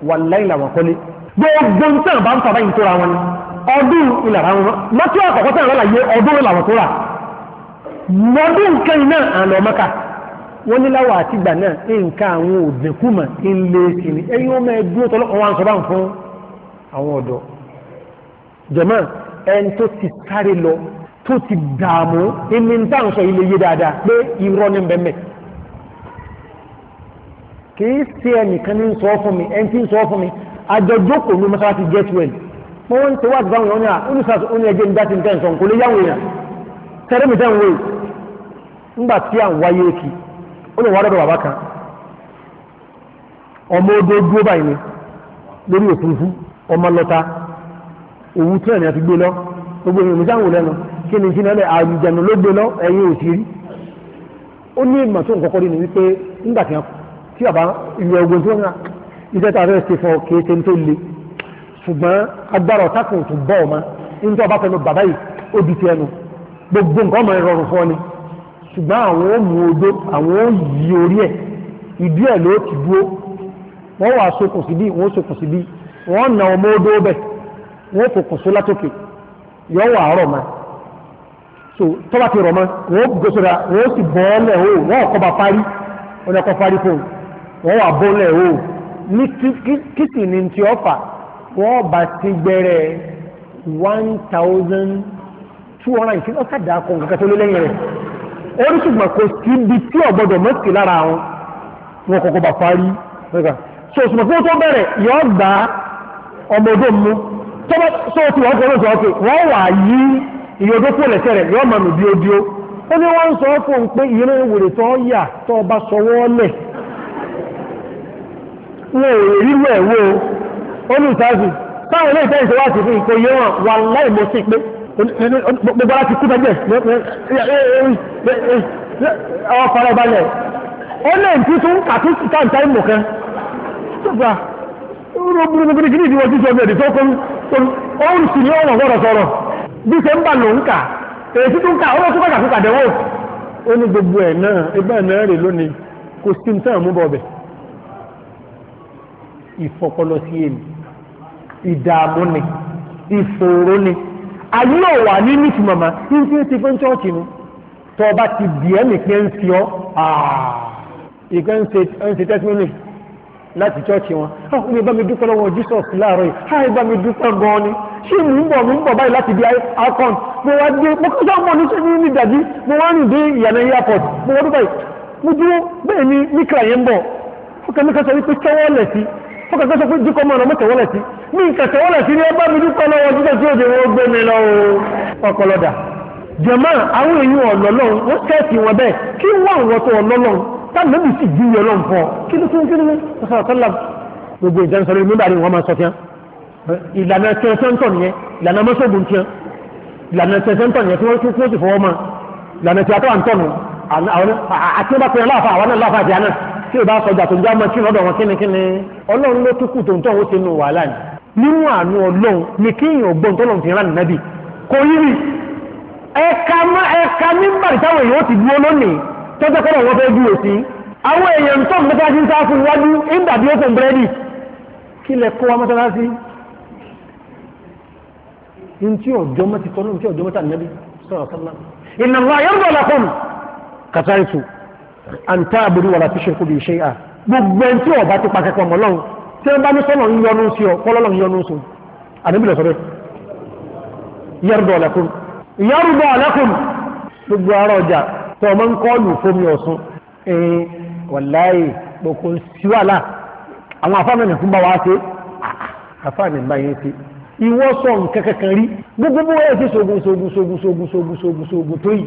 wà láì làwọn kọ́lé gbogbo tí àwọn bá ń fàbá yìí tóra wọn ọdún ìlàrá wọn mọ́tí àkọ́kọ́ tẹ̀lé ọlọ́run ọdún ìlàwọ̀ tóra mọ́dún kẹ́yìn náà àlọ́ mọ́ka wọ́n ní láwọ̀ àti ìgbà náà nǹkan àwọn òdìkúmọ̀ ilé kìíní ẹ̀yìn ọmọ ẹgbẹ́ tọ́lọ́ wọn sọ bá ń fún àwọn ọ̀dọ́ jẹ̀mọ́ ẹni tó ti sáré lọ tó ti dààmú ẹni ń tà ń sọ ilé yé dáadáa pé irọ́ ní bẹ́ẹ̀ kìí ṣe ẹnìkan ní sọ fún mi ẹni tí ń sọ fún mi àjọjókòó ló mọ́sálásí get well mọ́ wọ́n ń ṣe wá àtìsáwọn èèyàn ní à oníṣàṣọ oní ẹgbẹ́ ń ó lè wá rọ́dọ̀ bàbá kan ọmọ odò dúró báyìí ni lórí òfurufú ọmọ lọta òwú tí ẹ̀rìn àti gbé lọ gbogbo ìrìn ìsáwò lẹ́nu kí ni kí nílẹ̀ àrùjẹ̀nù ló gbé lọ ẹ̀yìn òsìrí ó ní ìmọ̀ tó nǹkan kọ́rí ni wípé nígbà tí àbá ìlú ẹgbẹ́ tó ń ra iṣẹ́ tá a fẹ́ ṣe fọ kìí ṣe tó le ṣùgbọ́n agbára ọ̀tá tó bọ́ ọ̀ma ní tí wọ́n bàbá yìí ó di ti ẹnu gbogbo nǹkan ọmọ ìrọ̀rùn fún ni ṣùgbọ́n àwọn ó mú odó àwọn ó yí orí ẹ̀ ìdí ẹ̀ ló ti dúó wọ́n wà sókùn síbí wọ́n sókùn síbí wọ́n na ọmọ odó bẹ̀ wọ́n fòkùn sí látòkè yọ wà rọ̀ mọ́ so tọ́ba ti rọ̀ mọ́ wọ́n gbé sọ́dà wọ́n sì bọ́ ọ́lẹ̀ o wọ́n kọ́ bá parí wọ́n kọ́ parí fún wọ́n wà bọ́ọ̀lẹ̀ o ní kìtì ní ti ọ̀fà wọ́n bá ti gbẹ̀rẹ̀ one thousand two hundred and fifty ọ̀sàdà kan kankan tó lé lẹ́yìn rẹ̀ oríṣùgbọ́n kò sí ibi tí ọ̀gbọ́dọ̀ mọ́sí lára wọn wọn kọ̀kọ́ bà parí so òṣùmọ̀ fún tó bẹ̀rẹ̀ yọ gbà ọmọ odó mú so ti wọ́n kọ́rọ̀ sọ pé wọ́n wà yí ìyọdó kú lẹ́sẹ̀ rẹ̀ yọ mọ̀nù bí ojú ó ní wọ́n ń sọ fún pé ìyẹn ìwòrè tó yà tó bá sọ wọ́n lẹ̀ wọn ò rí wẹ̀ wo olùsáàsì táwọn ilé ìtẹ́ ìṣẹ́wà sí fún ìkòyé wọn wà láì pé gbogbo láti kú bẹ́jẹ̀ ọ fara balẹ̀ ó lè tí tún kàtún síta ìta ìmọ̀ kan tóba rúgbùrú gbogbo gíní ìdíwọ̀ tí sọ bẹ̀rẹ̀ tó kún òun sì ní ọ̀wọ̀ gbọ́dọ̀ sọ̀rọ̀ bí ṣe ń bà lò ń kà èyí tún kà ó lọ tún kàkà tún kàdẹ̀wọ̀ ó ní gbogbo ẹ̀ náà ẹgbẹ́ náà rè lónìí kò sí ní tẹ́wọ̀n mú bọ̀ bẹ̀ ìfọpọlọ sí èmi ìdààmú ni ìfòòró ni ayé ò wà ní ní tìmọ̀mà tí ń tí ń ti fún chọ́ọ̀chì nu tó ọba ti bì ẹ́ nìkan ń fi ọ́ ìgbẹ́ ń ṣe testimony láti chọ́ọ̀chì wọn ó ní bá Jesus láàárọ̀ yìí á bá mi dúpẹ́ gan-an ni ṣé mò ń bọ̀ mò ń bọ̀ báyìí láti di akọ́n mo wá dé mo kọ́ sọ́mọ ní sẹ́yìn ní ìdajì mo wá rìn dé ìyànà airport mo wá dúpẹ́ mo dúró bẹ́ẹ̀ ni níkà yẹn ń bọ̀ ó kẹ́ mi kọ́ ó kẹ́kẹ́ sọ pé díkọ́ mọ́ ọ̀nà mọ́tẹ̀ wọ́lẹ̀ sí ní ìkẹsẹ̀ wọ́lẹ̀ sí ní ọba mi dúpọ̀ lọ́wọ́ títẹ̀ tí òde wọn gbé mi lọ ọkọlọ́dà jẹ̀mọ́ àwọn èèyàn ọ̀lọ́lọ́run wọ́n tẹ́ẹ̀tì wọn bẹ́ẹ̀ kí wọ́n wọ́n tó ọlọ́lọ́run tánàbì sì jí ọlọ́run fọ́ kí ló tún kí ló sọ́sọ́lá gbogbo ìjánsọ́lẹ̀ nígbà ni wọ́n máa sọ fíán ìlànà tẹ̀sẹ̀ntọ̀ nìyẹn ìlànà mọ́sọ̀gùn fíán ìlànà tẹ̀sẹ̀ntọ̀ nìyẹn tí wọ́n tún fún òsì fọwọ́ máa ìlànà tí a tó à ń tọ̀nù àti ó bá pẹ̀lú aláàfà àwọn aláàfà àti àná tí o bá sọjà tó já mọ́ kí lọ́dọ̀ wọn kínníkínní ọlọ́run ló túkù tó ń tọ́ ó ti nu wàhálà ni nínú àánú ọlọ́run ni kéèyàn gbọ́n tó lọ́n fi rán nàbì kò yírí ẹ̀ka ẹ̀ka mímbà táwọn èèyàn ó ti dúró lónìí tọ́jọ́ kọ́dọ̀ wọn fẹ́ dúró sí àwọn èèyàn tó ń bẹ́ta sí sáà fún iwájú ìgbà bí ó fún búrẹ́dì kí lẹ kó wa mọ́sálásí ní tí ọjọ́ mọ́ ti tọ́ ní tí ọjọ́ mọ́ tà nàbì sọ̀rọ̀ sọ́lá ìnàlá yọ̀rọ̀ àǹtá àbúrú wà láti ṣekú bí iṣẹ́ à gbogbo ẹni tí ọba ti pàkẹ́kọ̀ ọmọ lọ́run tí wọ́n bá ní sọ́nà ń yọnu sí ọ kọ́lọ́lọ́ ń yọnu sí àdébìlẹ̀ sọ́dẹ̀ yẹ́rùdọ̀ ọ̀lẹ́kùn yẹ́rùdọ̀ ọ̀lẹ́kùn gbogbo ara ọjà tó ọmọ ń kọ́ lù fómi ọ̀sùn ẹ̀yìn wàláyé gbogbo síwàlà àwọn afáàmì fún bá wá sí afáàmì bá yẹn sí ìwọ́sọ̀ nkẹ́kẹ́kẹ́ rí gbogbo bó ẹ̀ sí sogun sogun sogun sogun sogun sogun tó yìí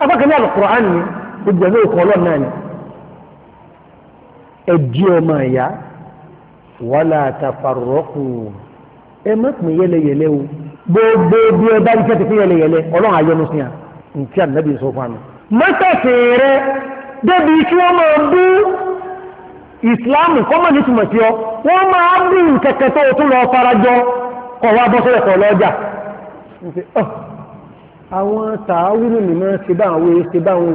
apákan náà alukur'an ni gbogbo ẹ̀mí òkú ọlọ́run náà ni ẹ̀dí ọmọ ẹ̀yà wàlá tafarọ́kù ẹ má pín yẹlẹyẹlẹ o gbogbo bí ẹ bá rí kẹ́tì fún yẹlẹyẹlẹ ọlọ́run ayọ́nu sí à ń tí ànábì sọ fún àná. mọ́tàkì rẹ débi kí wọ́n máa bú ìsìláàmù kọ́mọ̀ ní tùmọ̀ ọ wọ́n máa bú kẹ̀kẹ́ tó o tún lọ farajọ kọ̀ wá bọ́ kọ̀ lọ́jà àwọn tààwùnù nìmọ̀ ṣe bá àwọn èyí ṣe bá àwọn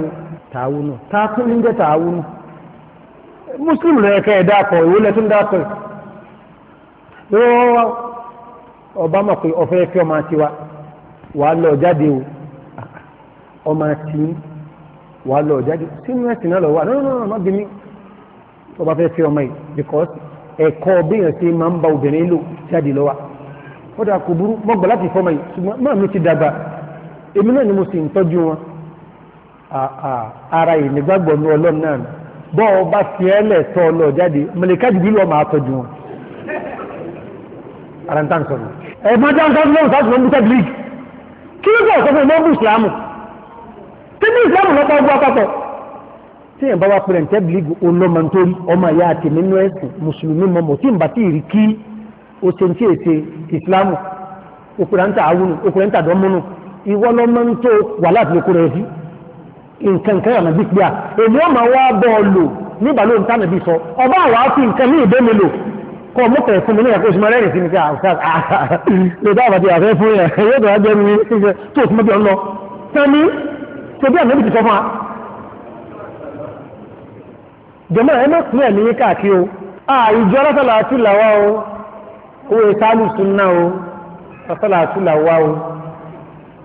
tààwùnù tààkùn ní jẹ́ tààwùnù muslim rẹ̀ kẹ́ ẹ̀ dákọ̀ ìwé lẹ́tún dákọ̀ ìwọ́ obama pé ọ̀fẹ́ kí ọmọ àti wa wà á lọ jáde o ọmọ àti wà á lọ jáde sínú ẹ̀sìn náà lọ wà no no no má bí mi ọba fẹ́ fi ọmọ yìí because ẹ̀kọ́ bíyàn sí máa ń ba obìnrin lò jáde lọ́wọ́ ó dà kò burú mọ́gbà láti fọmọ yìí ṣùgbọ́n máa mi ti dàgbà èmi náà ni mo sì ń tọ́jú wọn ara ìnigbàgbọ́ ní ọlọ́run náà bọ́ ọ bá fi ẹ́ lẹ̀ tọ́ ọ lọ jáde mọ̀lẹ́kájì bí lọ́ọ́ máa tọ́jú wọn ara ń tàn sọ̀rọ̀ ẹ̀ máa dá ń sọ́dún lọ́wọ́ sáà tún bíi league kí ló bọ̀ sọ fún ìmọ̀ ìsìlámù tí ní ìsìlámù lọ́pọ̀ ọgbọ́ àpapọ̀ tí ẹ̀ bá wá pẹ̀lẹ̀ tẹ́ bíi league ọmọ ìyá àti nínú ẹ̀sìn mùsùlùmí mọ́mọ́ tí ń bá tí ì kí o ṣe ń tí èsè ìsìlámù òkúra ń tà áwùnù òkúra ń ìwọ lọ mọ́ ń tó wà láti lókó rẹ̀ sí nǹkan kan yàrá bí pé à èmi ọmọ wa bọ́ ọ lò nígbà ló ń tánà bí sọ ọba àwa fi nǹkan ní ìdé mi lò kọ́ mú kẹ̀ fún mi nígbà kó sì máa rẹ́rìn sí mi pé lè dá àbàdì àfẹ́ fún yẹn yóò dọ̀rọ̀ jẹ́ mi tó fún mọ́bí ọ̀n lọ sẹ́ni tó bí àmì ti sọ fún wa. jọ̀mọ́ ẹ máa pín ẹ̀mí káàkiri o àìjọ ọlọ́sọ̀lá àtúlàwá o owó ìsálùsùn náà o ọ̀sọ̀lá àtúlàwá o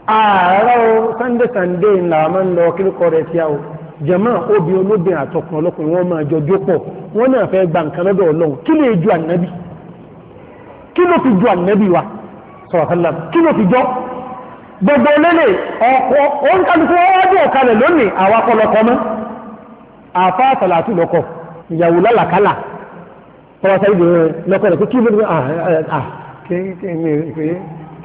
ààrẹ sunday sunday ńlá máa ń lọ kílùkọ rẹ̀ sí àwọn jẹ̀mọ́ obì olóbìn àtọkùn ọlọ́kùnrin wọ́n máa jọ jópọ̀ wọ́n náà fẹ́ gba nǹkan lọ́dọ̀ ọlọ́run kí lè ju ànábì kí ló fi ju ànábì wa sọ̀rọ̀sọ́lá kí ló fi jọ gbogbo lélẹ̀ ọ̀pọ̀ oúnkàlùkù ọwọ́dún ọ̀kalẹ̀ lónìí àwakọlọkọ mọ́ àfáà sàlàtù lọ́kọ̀ ìyàwó lálàkálà tọwọ́sẹ́ ìdè lọ́kọ̀ rẹ̀ kí ló ní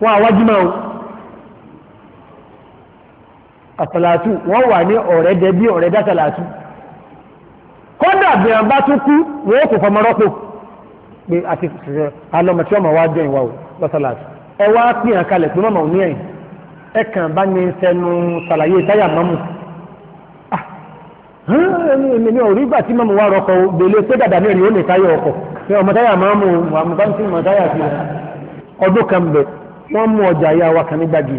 wọn àwájú máa ń wà ní dẹbí a bá tún kú wọ́n kò fọmọ rọ́pò pé àti alọ́mọtí ọmọ wa jẹ́ ìwà lọ́sàlátù ẹ wá pín àkalẹ̀ pé mọ́mọ́ ní ẹ̀yìn ẹ kàn bá ní sẹnu táyà tí wa pé dàdà ní táyà ọmọ táyà ọdún kan wọ́n mú ọjà ya wa kan ní gbági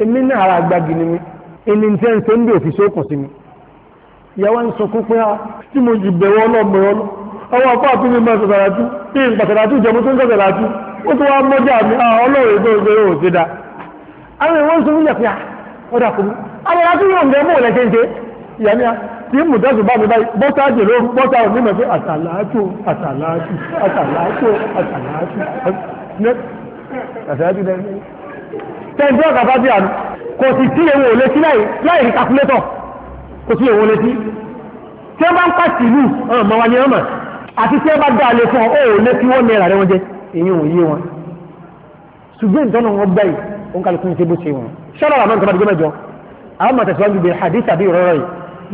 èmi náà ara gbági ni mi ẹni tí ń ṣe ń bí sí mi ìyàwó ń sọ fún pé ah, tí mo jù ọlọ́mọ ọlọ́ ọwọ́ apá àti mi máa tú bí n tó ń tú ó tún wá mọ́jà mi ah, ò da àwọn sọ ah, ọ̀dà àwọn yóò ń bẹ mọ́ ọ̀lẹ́ kéńké ni a tí mú dẹ́sùn bá mi báyìí bọ́tà àṣàbí lẹ́nu tẹ́ǹtì ọ̀gá fábíà kò sì tí èwo ò létí láì rí kakulétọ̀ kò sí èwo létí tí wọ́n bá ń pàṣẹ ìlú ọ̀n mọ́ wa ní ọmọ àti tí wọ́n bá dá alẹ́ fún ọ ò létí wọ́n náírà rẹ wọn jẹ èyí ò yé wọn ṣùgbọ́n ìtọ́nà wọn gbà ó ń kálukú ní ṣe bó wọn ṣọ́nà àmọ́ nǹkan bá dé mẹ́jọ àwọn máa tẹ̀síwájú bí hadith àbí ìrọ́rọ́ yìí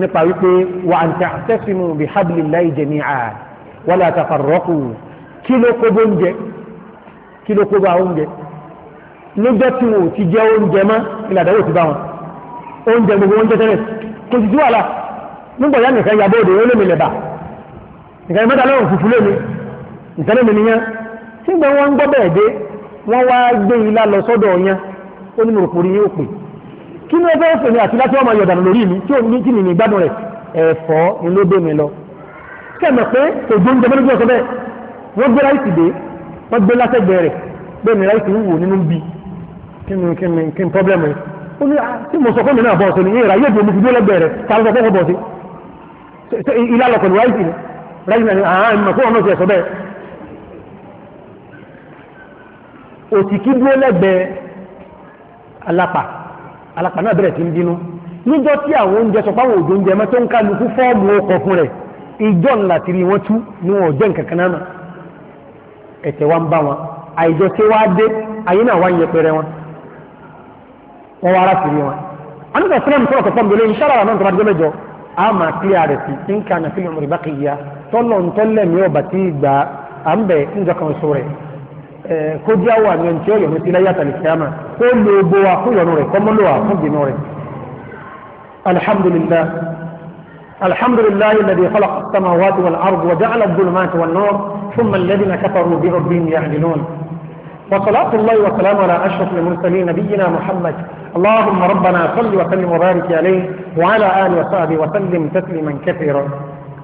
nípa wípé wà á ń tẹ àtẹ́sìmù bí hablillahi jami'a wala tafarraqu kí ló kó bóúnjẹ kí ló kó bá oúnjẹ lọ́jọ́ tí wọn ò ti jẹ oúnjẹ mọ́ ilẹ̀ àdáwò ti bá wọn oúnjẹ gbogbo oúnjẹ tẹ́lẹ̀ kò sì sí wàhálà nígbà yá nìkan yabó òde ó lèmi lẹ̀bà nìkan mẹ́ta lọ́rùn fùfú lèmi nìkan lèmi nìyẹn tí gbẹ wọn ń gbọ́ bẹ́ẹ̀ dé wọ́n wá gbé ilá lọ sọ́dọ̀ yẹn ó ní mòrò kórìí yóò pè kí ni ẹgbẹ́ òfin àti láti ọmọ yọ̀dànù lórí mi tí òun ní nìyí gbádùn rẹ̀ ẹ̀fọ́ ni ló gbé mi lọ kẹ́mẹ̀ pé kò gbóúnjẹ mẹ́rin bí ọ̀sán bẹ́ẹ̀ wọ́n gbé láìsì dé wọ́n gbé lásẹ̀gbẹ̀ rẹ̀ pé mi láì ti ń wò nínú bí kí ni kí ni kí ni pọ́blẹ́mù yìí ó ní ah, tí mo sọ fún mi náà bọ́ọ̀sì ni ìrà yóò di omi fìdí lẹ́gbẹ̀ẹ́ rẹ̀ ta ló sọ fún bọ́ọ̀sì ilá lọkọ̀ ní ráìsì ni ráìsì náà ni àárín ah, mọ̀ fún ọ̀nà ti ẹ̀sọ́ bẹ́ẹ̀ òsìkí dúró lẹ́gbẹ̀ẹ́ alápà alápà náà bẹ̀rẹ̀ sí ń bínú níjọ́ tí àwọn oúnjẹ sọ páwọn òjò oúnjẹ mẹ́tọ́ ń kálukú fọ́ọ̀mù ẹ̀tẹ̀ wá ń bá wọn àìjọ tí wá dé ayé náà wá ń yẹ pẹrẹ wọn wọn wá ara sírí wọn. anúkà sílẹ̀ mi sọ̀rọ̀ tó pọ̀n bẹ̀rẹ̀ insha Allah náà tó bá dé mẹ́jọ a máa kílẹ̀ rẹ̀ sí tí ń ka nà fílẹ̀ mọ̀rẹ̀ bá kì í ya tọ́lọ̀ ń tọ́lẹ̀ mi ọ̀bà tí ì gbà á ń bẹ̀ ń jọkàn sọ rẹ̀ kó jẹ́ àwọn àmì ẹni tí ó yọ̀nù láyé àtàlẹ̀ kíámà kó lo bo wa fún yọ̀nù rẹ̀ kọ́mọ́ lo wa fún gbìnú rẹ̀. alhamdulillah alhamdulillah alladhi khalaqa as-samawati wal wa ja'ala adh-dhulumati wan ثم الذين كفروا بربهم يعدلون وصلاة الله وسلامه على أشرف المرسلين نبينا محمد اللهم ربنا صل وسلم وبارك عليه وعلى آله وصحبه وسلم تسليما كثيرا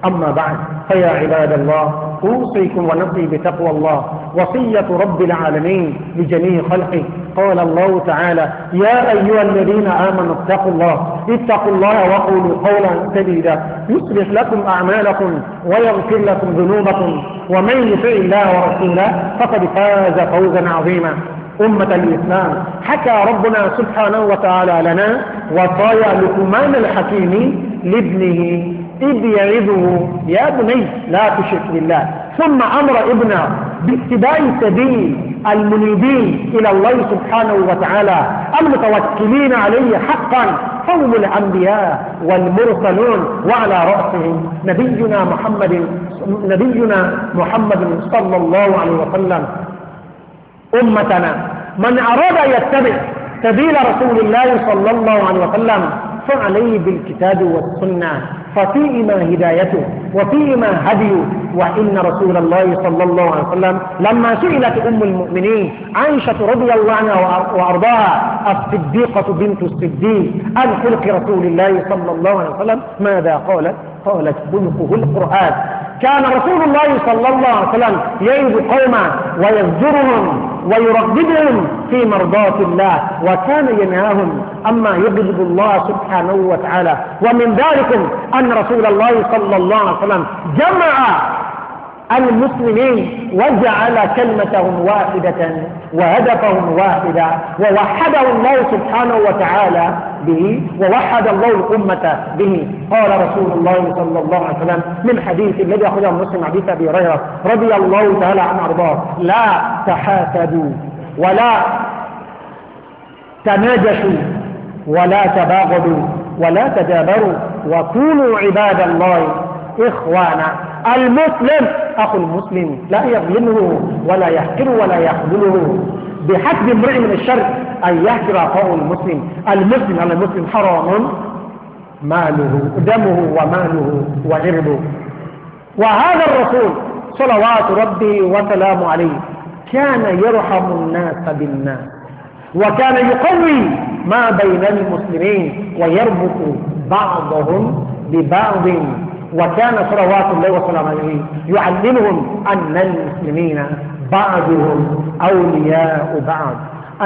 أما بعد فيا عباد الله أوصيكم ونفسي بتقوى الله وصية رب العالمين لجميع خلقه قال الله تعالى يا أيها الذين آمنوا اتقوا الله اتقوا الله وقولوا قولا سديدا يصلح لكم أعمالكم ويغفر لكم ذنوبكم ومن يطع الله ورسوله فقد فاز فوزا عظيما أمة الإسلام حكى ربنا سبحانه وتعالى لنا وصايا لقمان الحكيم لابنه إذ يعظه يا بني لا تشرك بالله ثم أمر ابنه باتباع سبيل المنيبين إلى الله سبحانه وتعالى المتوكلين عليه حقا هم الأنبياء والمرسلون وعلى رأسهم نبينا محمد نبينا محمد صلى الله عليه وسلم أمتنا من أراد يتبع سبيل رسول الله صلى الله عليه وسلم فعليه بالكتاب والسنة ففيهما هدايته وفيهما هديه وإن رسول الله صلى الله عليه وسلم لما سئلت أم المؤمنين عائشة رضي الله عنها وأرضاها الصديقة بنت الصديق عن خلق رسول الله صلى الله عليه وسلم ماذا قالت؟ قالت بنقه القرآن كان رسول الله صلى الله عليه وسلم يعيد قوما ويزجرهم ويرددهم في مرضاة الله وكان ينهاهم أما يغضب الله سبحانه وتعالى ومن ذلك أن رسول الله صلى الله عليه وسلم جمع المسلمين وجعل كلمتهم واحدة وهدفهم واحدا ووحده الله سبحانه وتعالى به ووحد الله الأمة به قال رسول الله صلى الله عليه وسلم من حديث الذي أخرجه مسلم حديث أبي هريرة رضي الله تعالى عن أرضاه لا تحاسدوا ولا تناجشوا ولا تباغضوا ولا تدابروا وكونوا عباد الله إخوانا المسلم أخو المسلم لا يظلمه ولا يحقر ولا يخذله بحسب امرئ من الشر أن يهجر أخوه المسلم المسلم على المسلم حرام ماله دمه وماله وعرضه وهذا الرسول صلوات ربي وسلامه عليه كان يرحم الناس بالناس وكان يقوي ما بين المسلمين ويربط بعضهم ببعض وكان صلوات الله وسلامه عليه يعلمهم أن المسلمين بعضهم أولياء بعض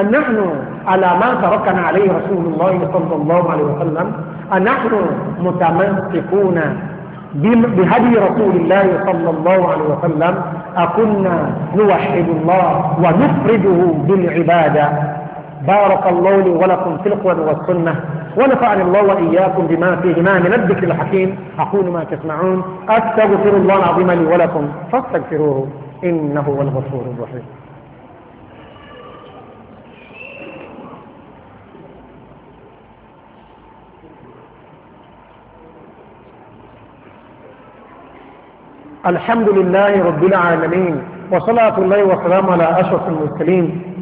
أن نحن على ما تركنا عليه رسول الله صلى الله عليه وسلم أن نحن متمسكون بهدي رسول الله صلى الله عليه وسلم أكنا نوحد الله ونفرده بالعبادة بارك الله لي ولكم في القرآن والسنة ونفعني الله وإياكم بما فيهما من الذكر الحكيم أقول ما تسمعون أستغفر الله العظيم لي ولكم فاستغفروه إنه هو الغفور الرحيم الحمد لله رب العالمين وصلاة الله وسلامه على أشرف المرسلين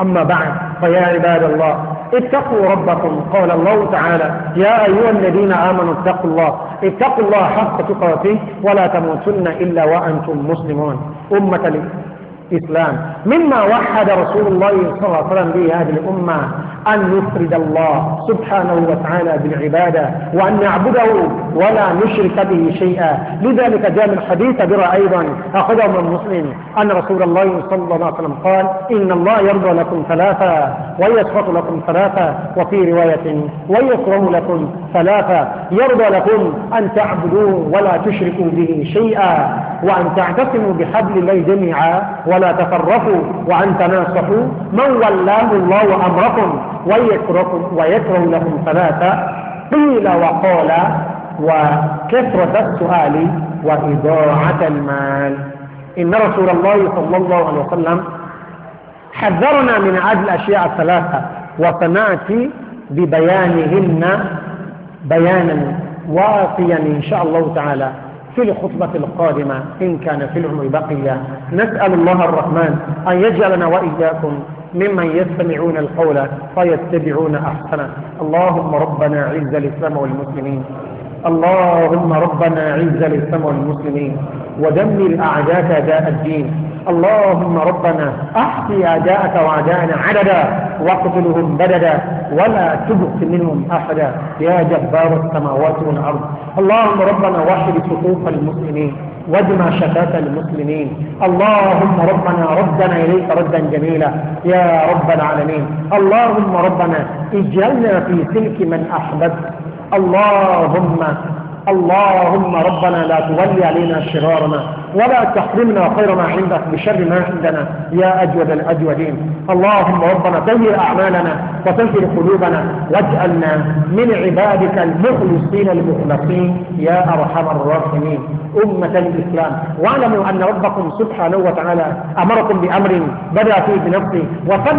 أما بعد فيا عباد الله اتقوا ربكم قال الله تعالى يا أيها الذين آمنوا اتقوا الله اتقوا الله حق تقاته ولا تموتن إلا وأنتم مسلمون أمة الإسلام مما وحد رسول الله صلى الله عليه وسلم به هذه الأمة أن يفرد الله سبحانه وتعالى بالعبادة وأن نعبده ولا نشرك به شيئا لذلك جاء من حديث برا أيضا أخذه من مسلم أن رسول الله صلى الله عليه وسلم قال إن الله يرضى لكم ثلاثة ويسخط لكم ثلاثة وفي رواية ويكرم لكم ثلاثة يرضى لكم أن تعبدوه ولا تشركوا به شيئا وأن تعتصموا بحبل الله جميعا ولا ولا تفرقوا وأن تناصحوا من ولاه الله أمركم ويكره, ويكره لكم ثلاثة قيل وقال وكثرة السؤال وإضاعة المال إن رسول الله صلى الله عليه وسلم حذرنا من عدل الأشياء الثلاثة وسنأتي ببيانهن بيانا واقيا إن شاء الله تعالى في الخطبة القادمة إن كان في العمر بقية نسأل الله الرحمن أن يجعلنا وإياكم ممن يستمعون القول فيتبعون أحسنه اللهم ربنا عز الإسلام والمسلمين اللهم ربنا عز الإسلام والمسلمين ودمر أعداءك أعداء الدين اللهم ربنا أحصي أعداءك وأعداءنا عددا واقتلهم بددا ولا تبق منهم أحدا يا جبار السماوات والأرض اللهم ربنا وحد صفوف المسلمين واجمع شفاة المسلمين اللهم ربنا ردنا إليك ردا جميلا يا رب العالمين اللهم ربنا اجعلنا في سلك من أحببت اللهم اللهم ربنا لا تولي علينا شرارنا ولا تحرمنا خير ما عندك بشر ما عندنا يا أجود الأجودين اللهم ربنا تهي أعمالنا وتهي قلوبنا واجعلنا من عبادك المخلصين المخلصين يا أرحم الراحمين أمة الإسلام واعلموا أن ربكم سبحانه وتعالى أمركم بأمر بدأ فيه بنفسه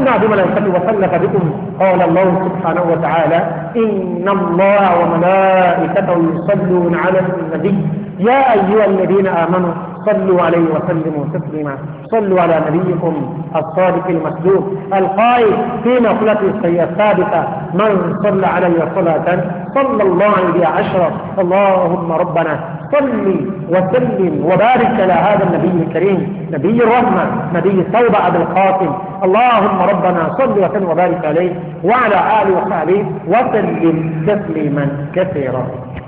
لا يصلي وثلث بكم قال الله سبحانه وتعالى إن الله وملائكته يصلون على النبي يا أيها الذين آمنوا صلوا عليه وسلموا تسليما صلوا على نبيكم الصادق المسلوب القائل في نقلته الثابتة من صلى علي صلاة صلى الله عليه عشرة اللهم ربنا صل وسلم وبارك على هذا النبي الكريم نبي الرحمة نبي التوبة أبي القاسم اللهم ربنا صل وسلم وبارك عليه وعلى آله وصحبه وسلم تسليما كثيرا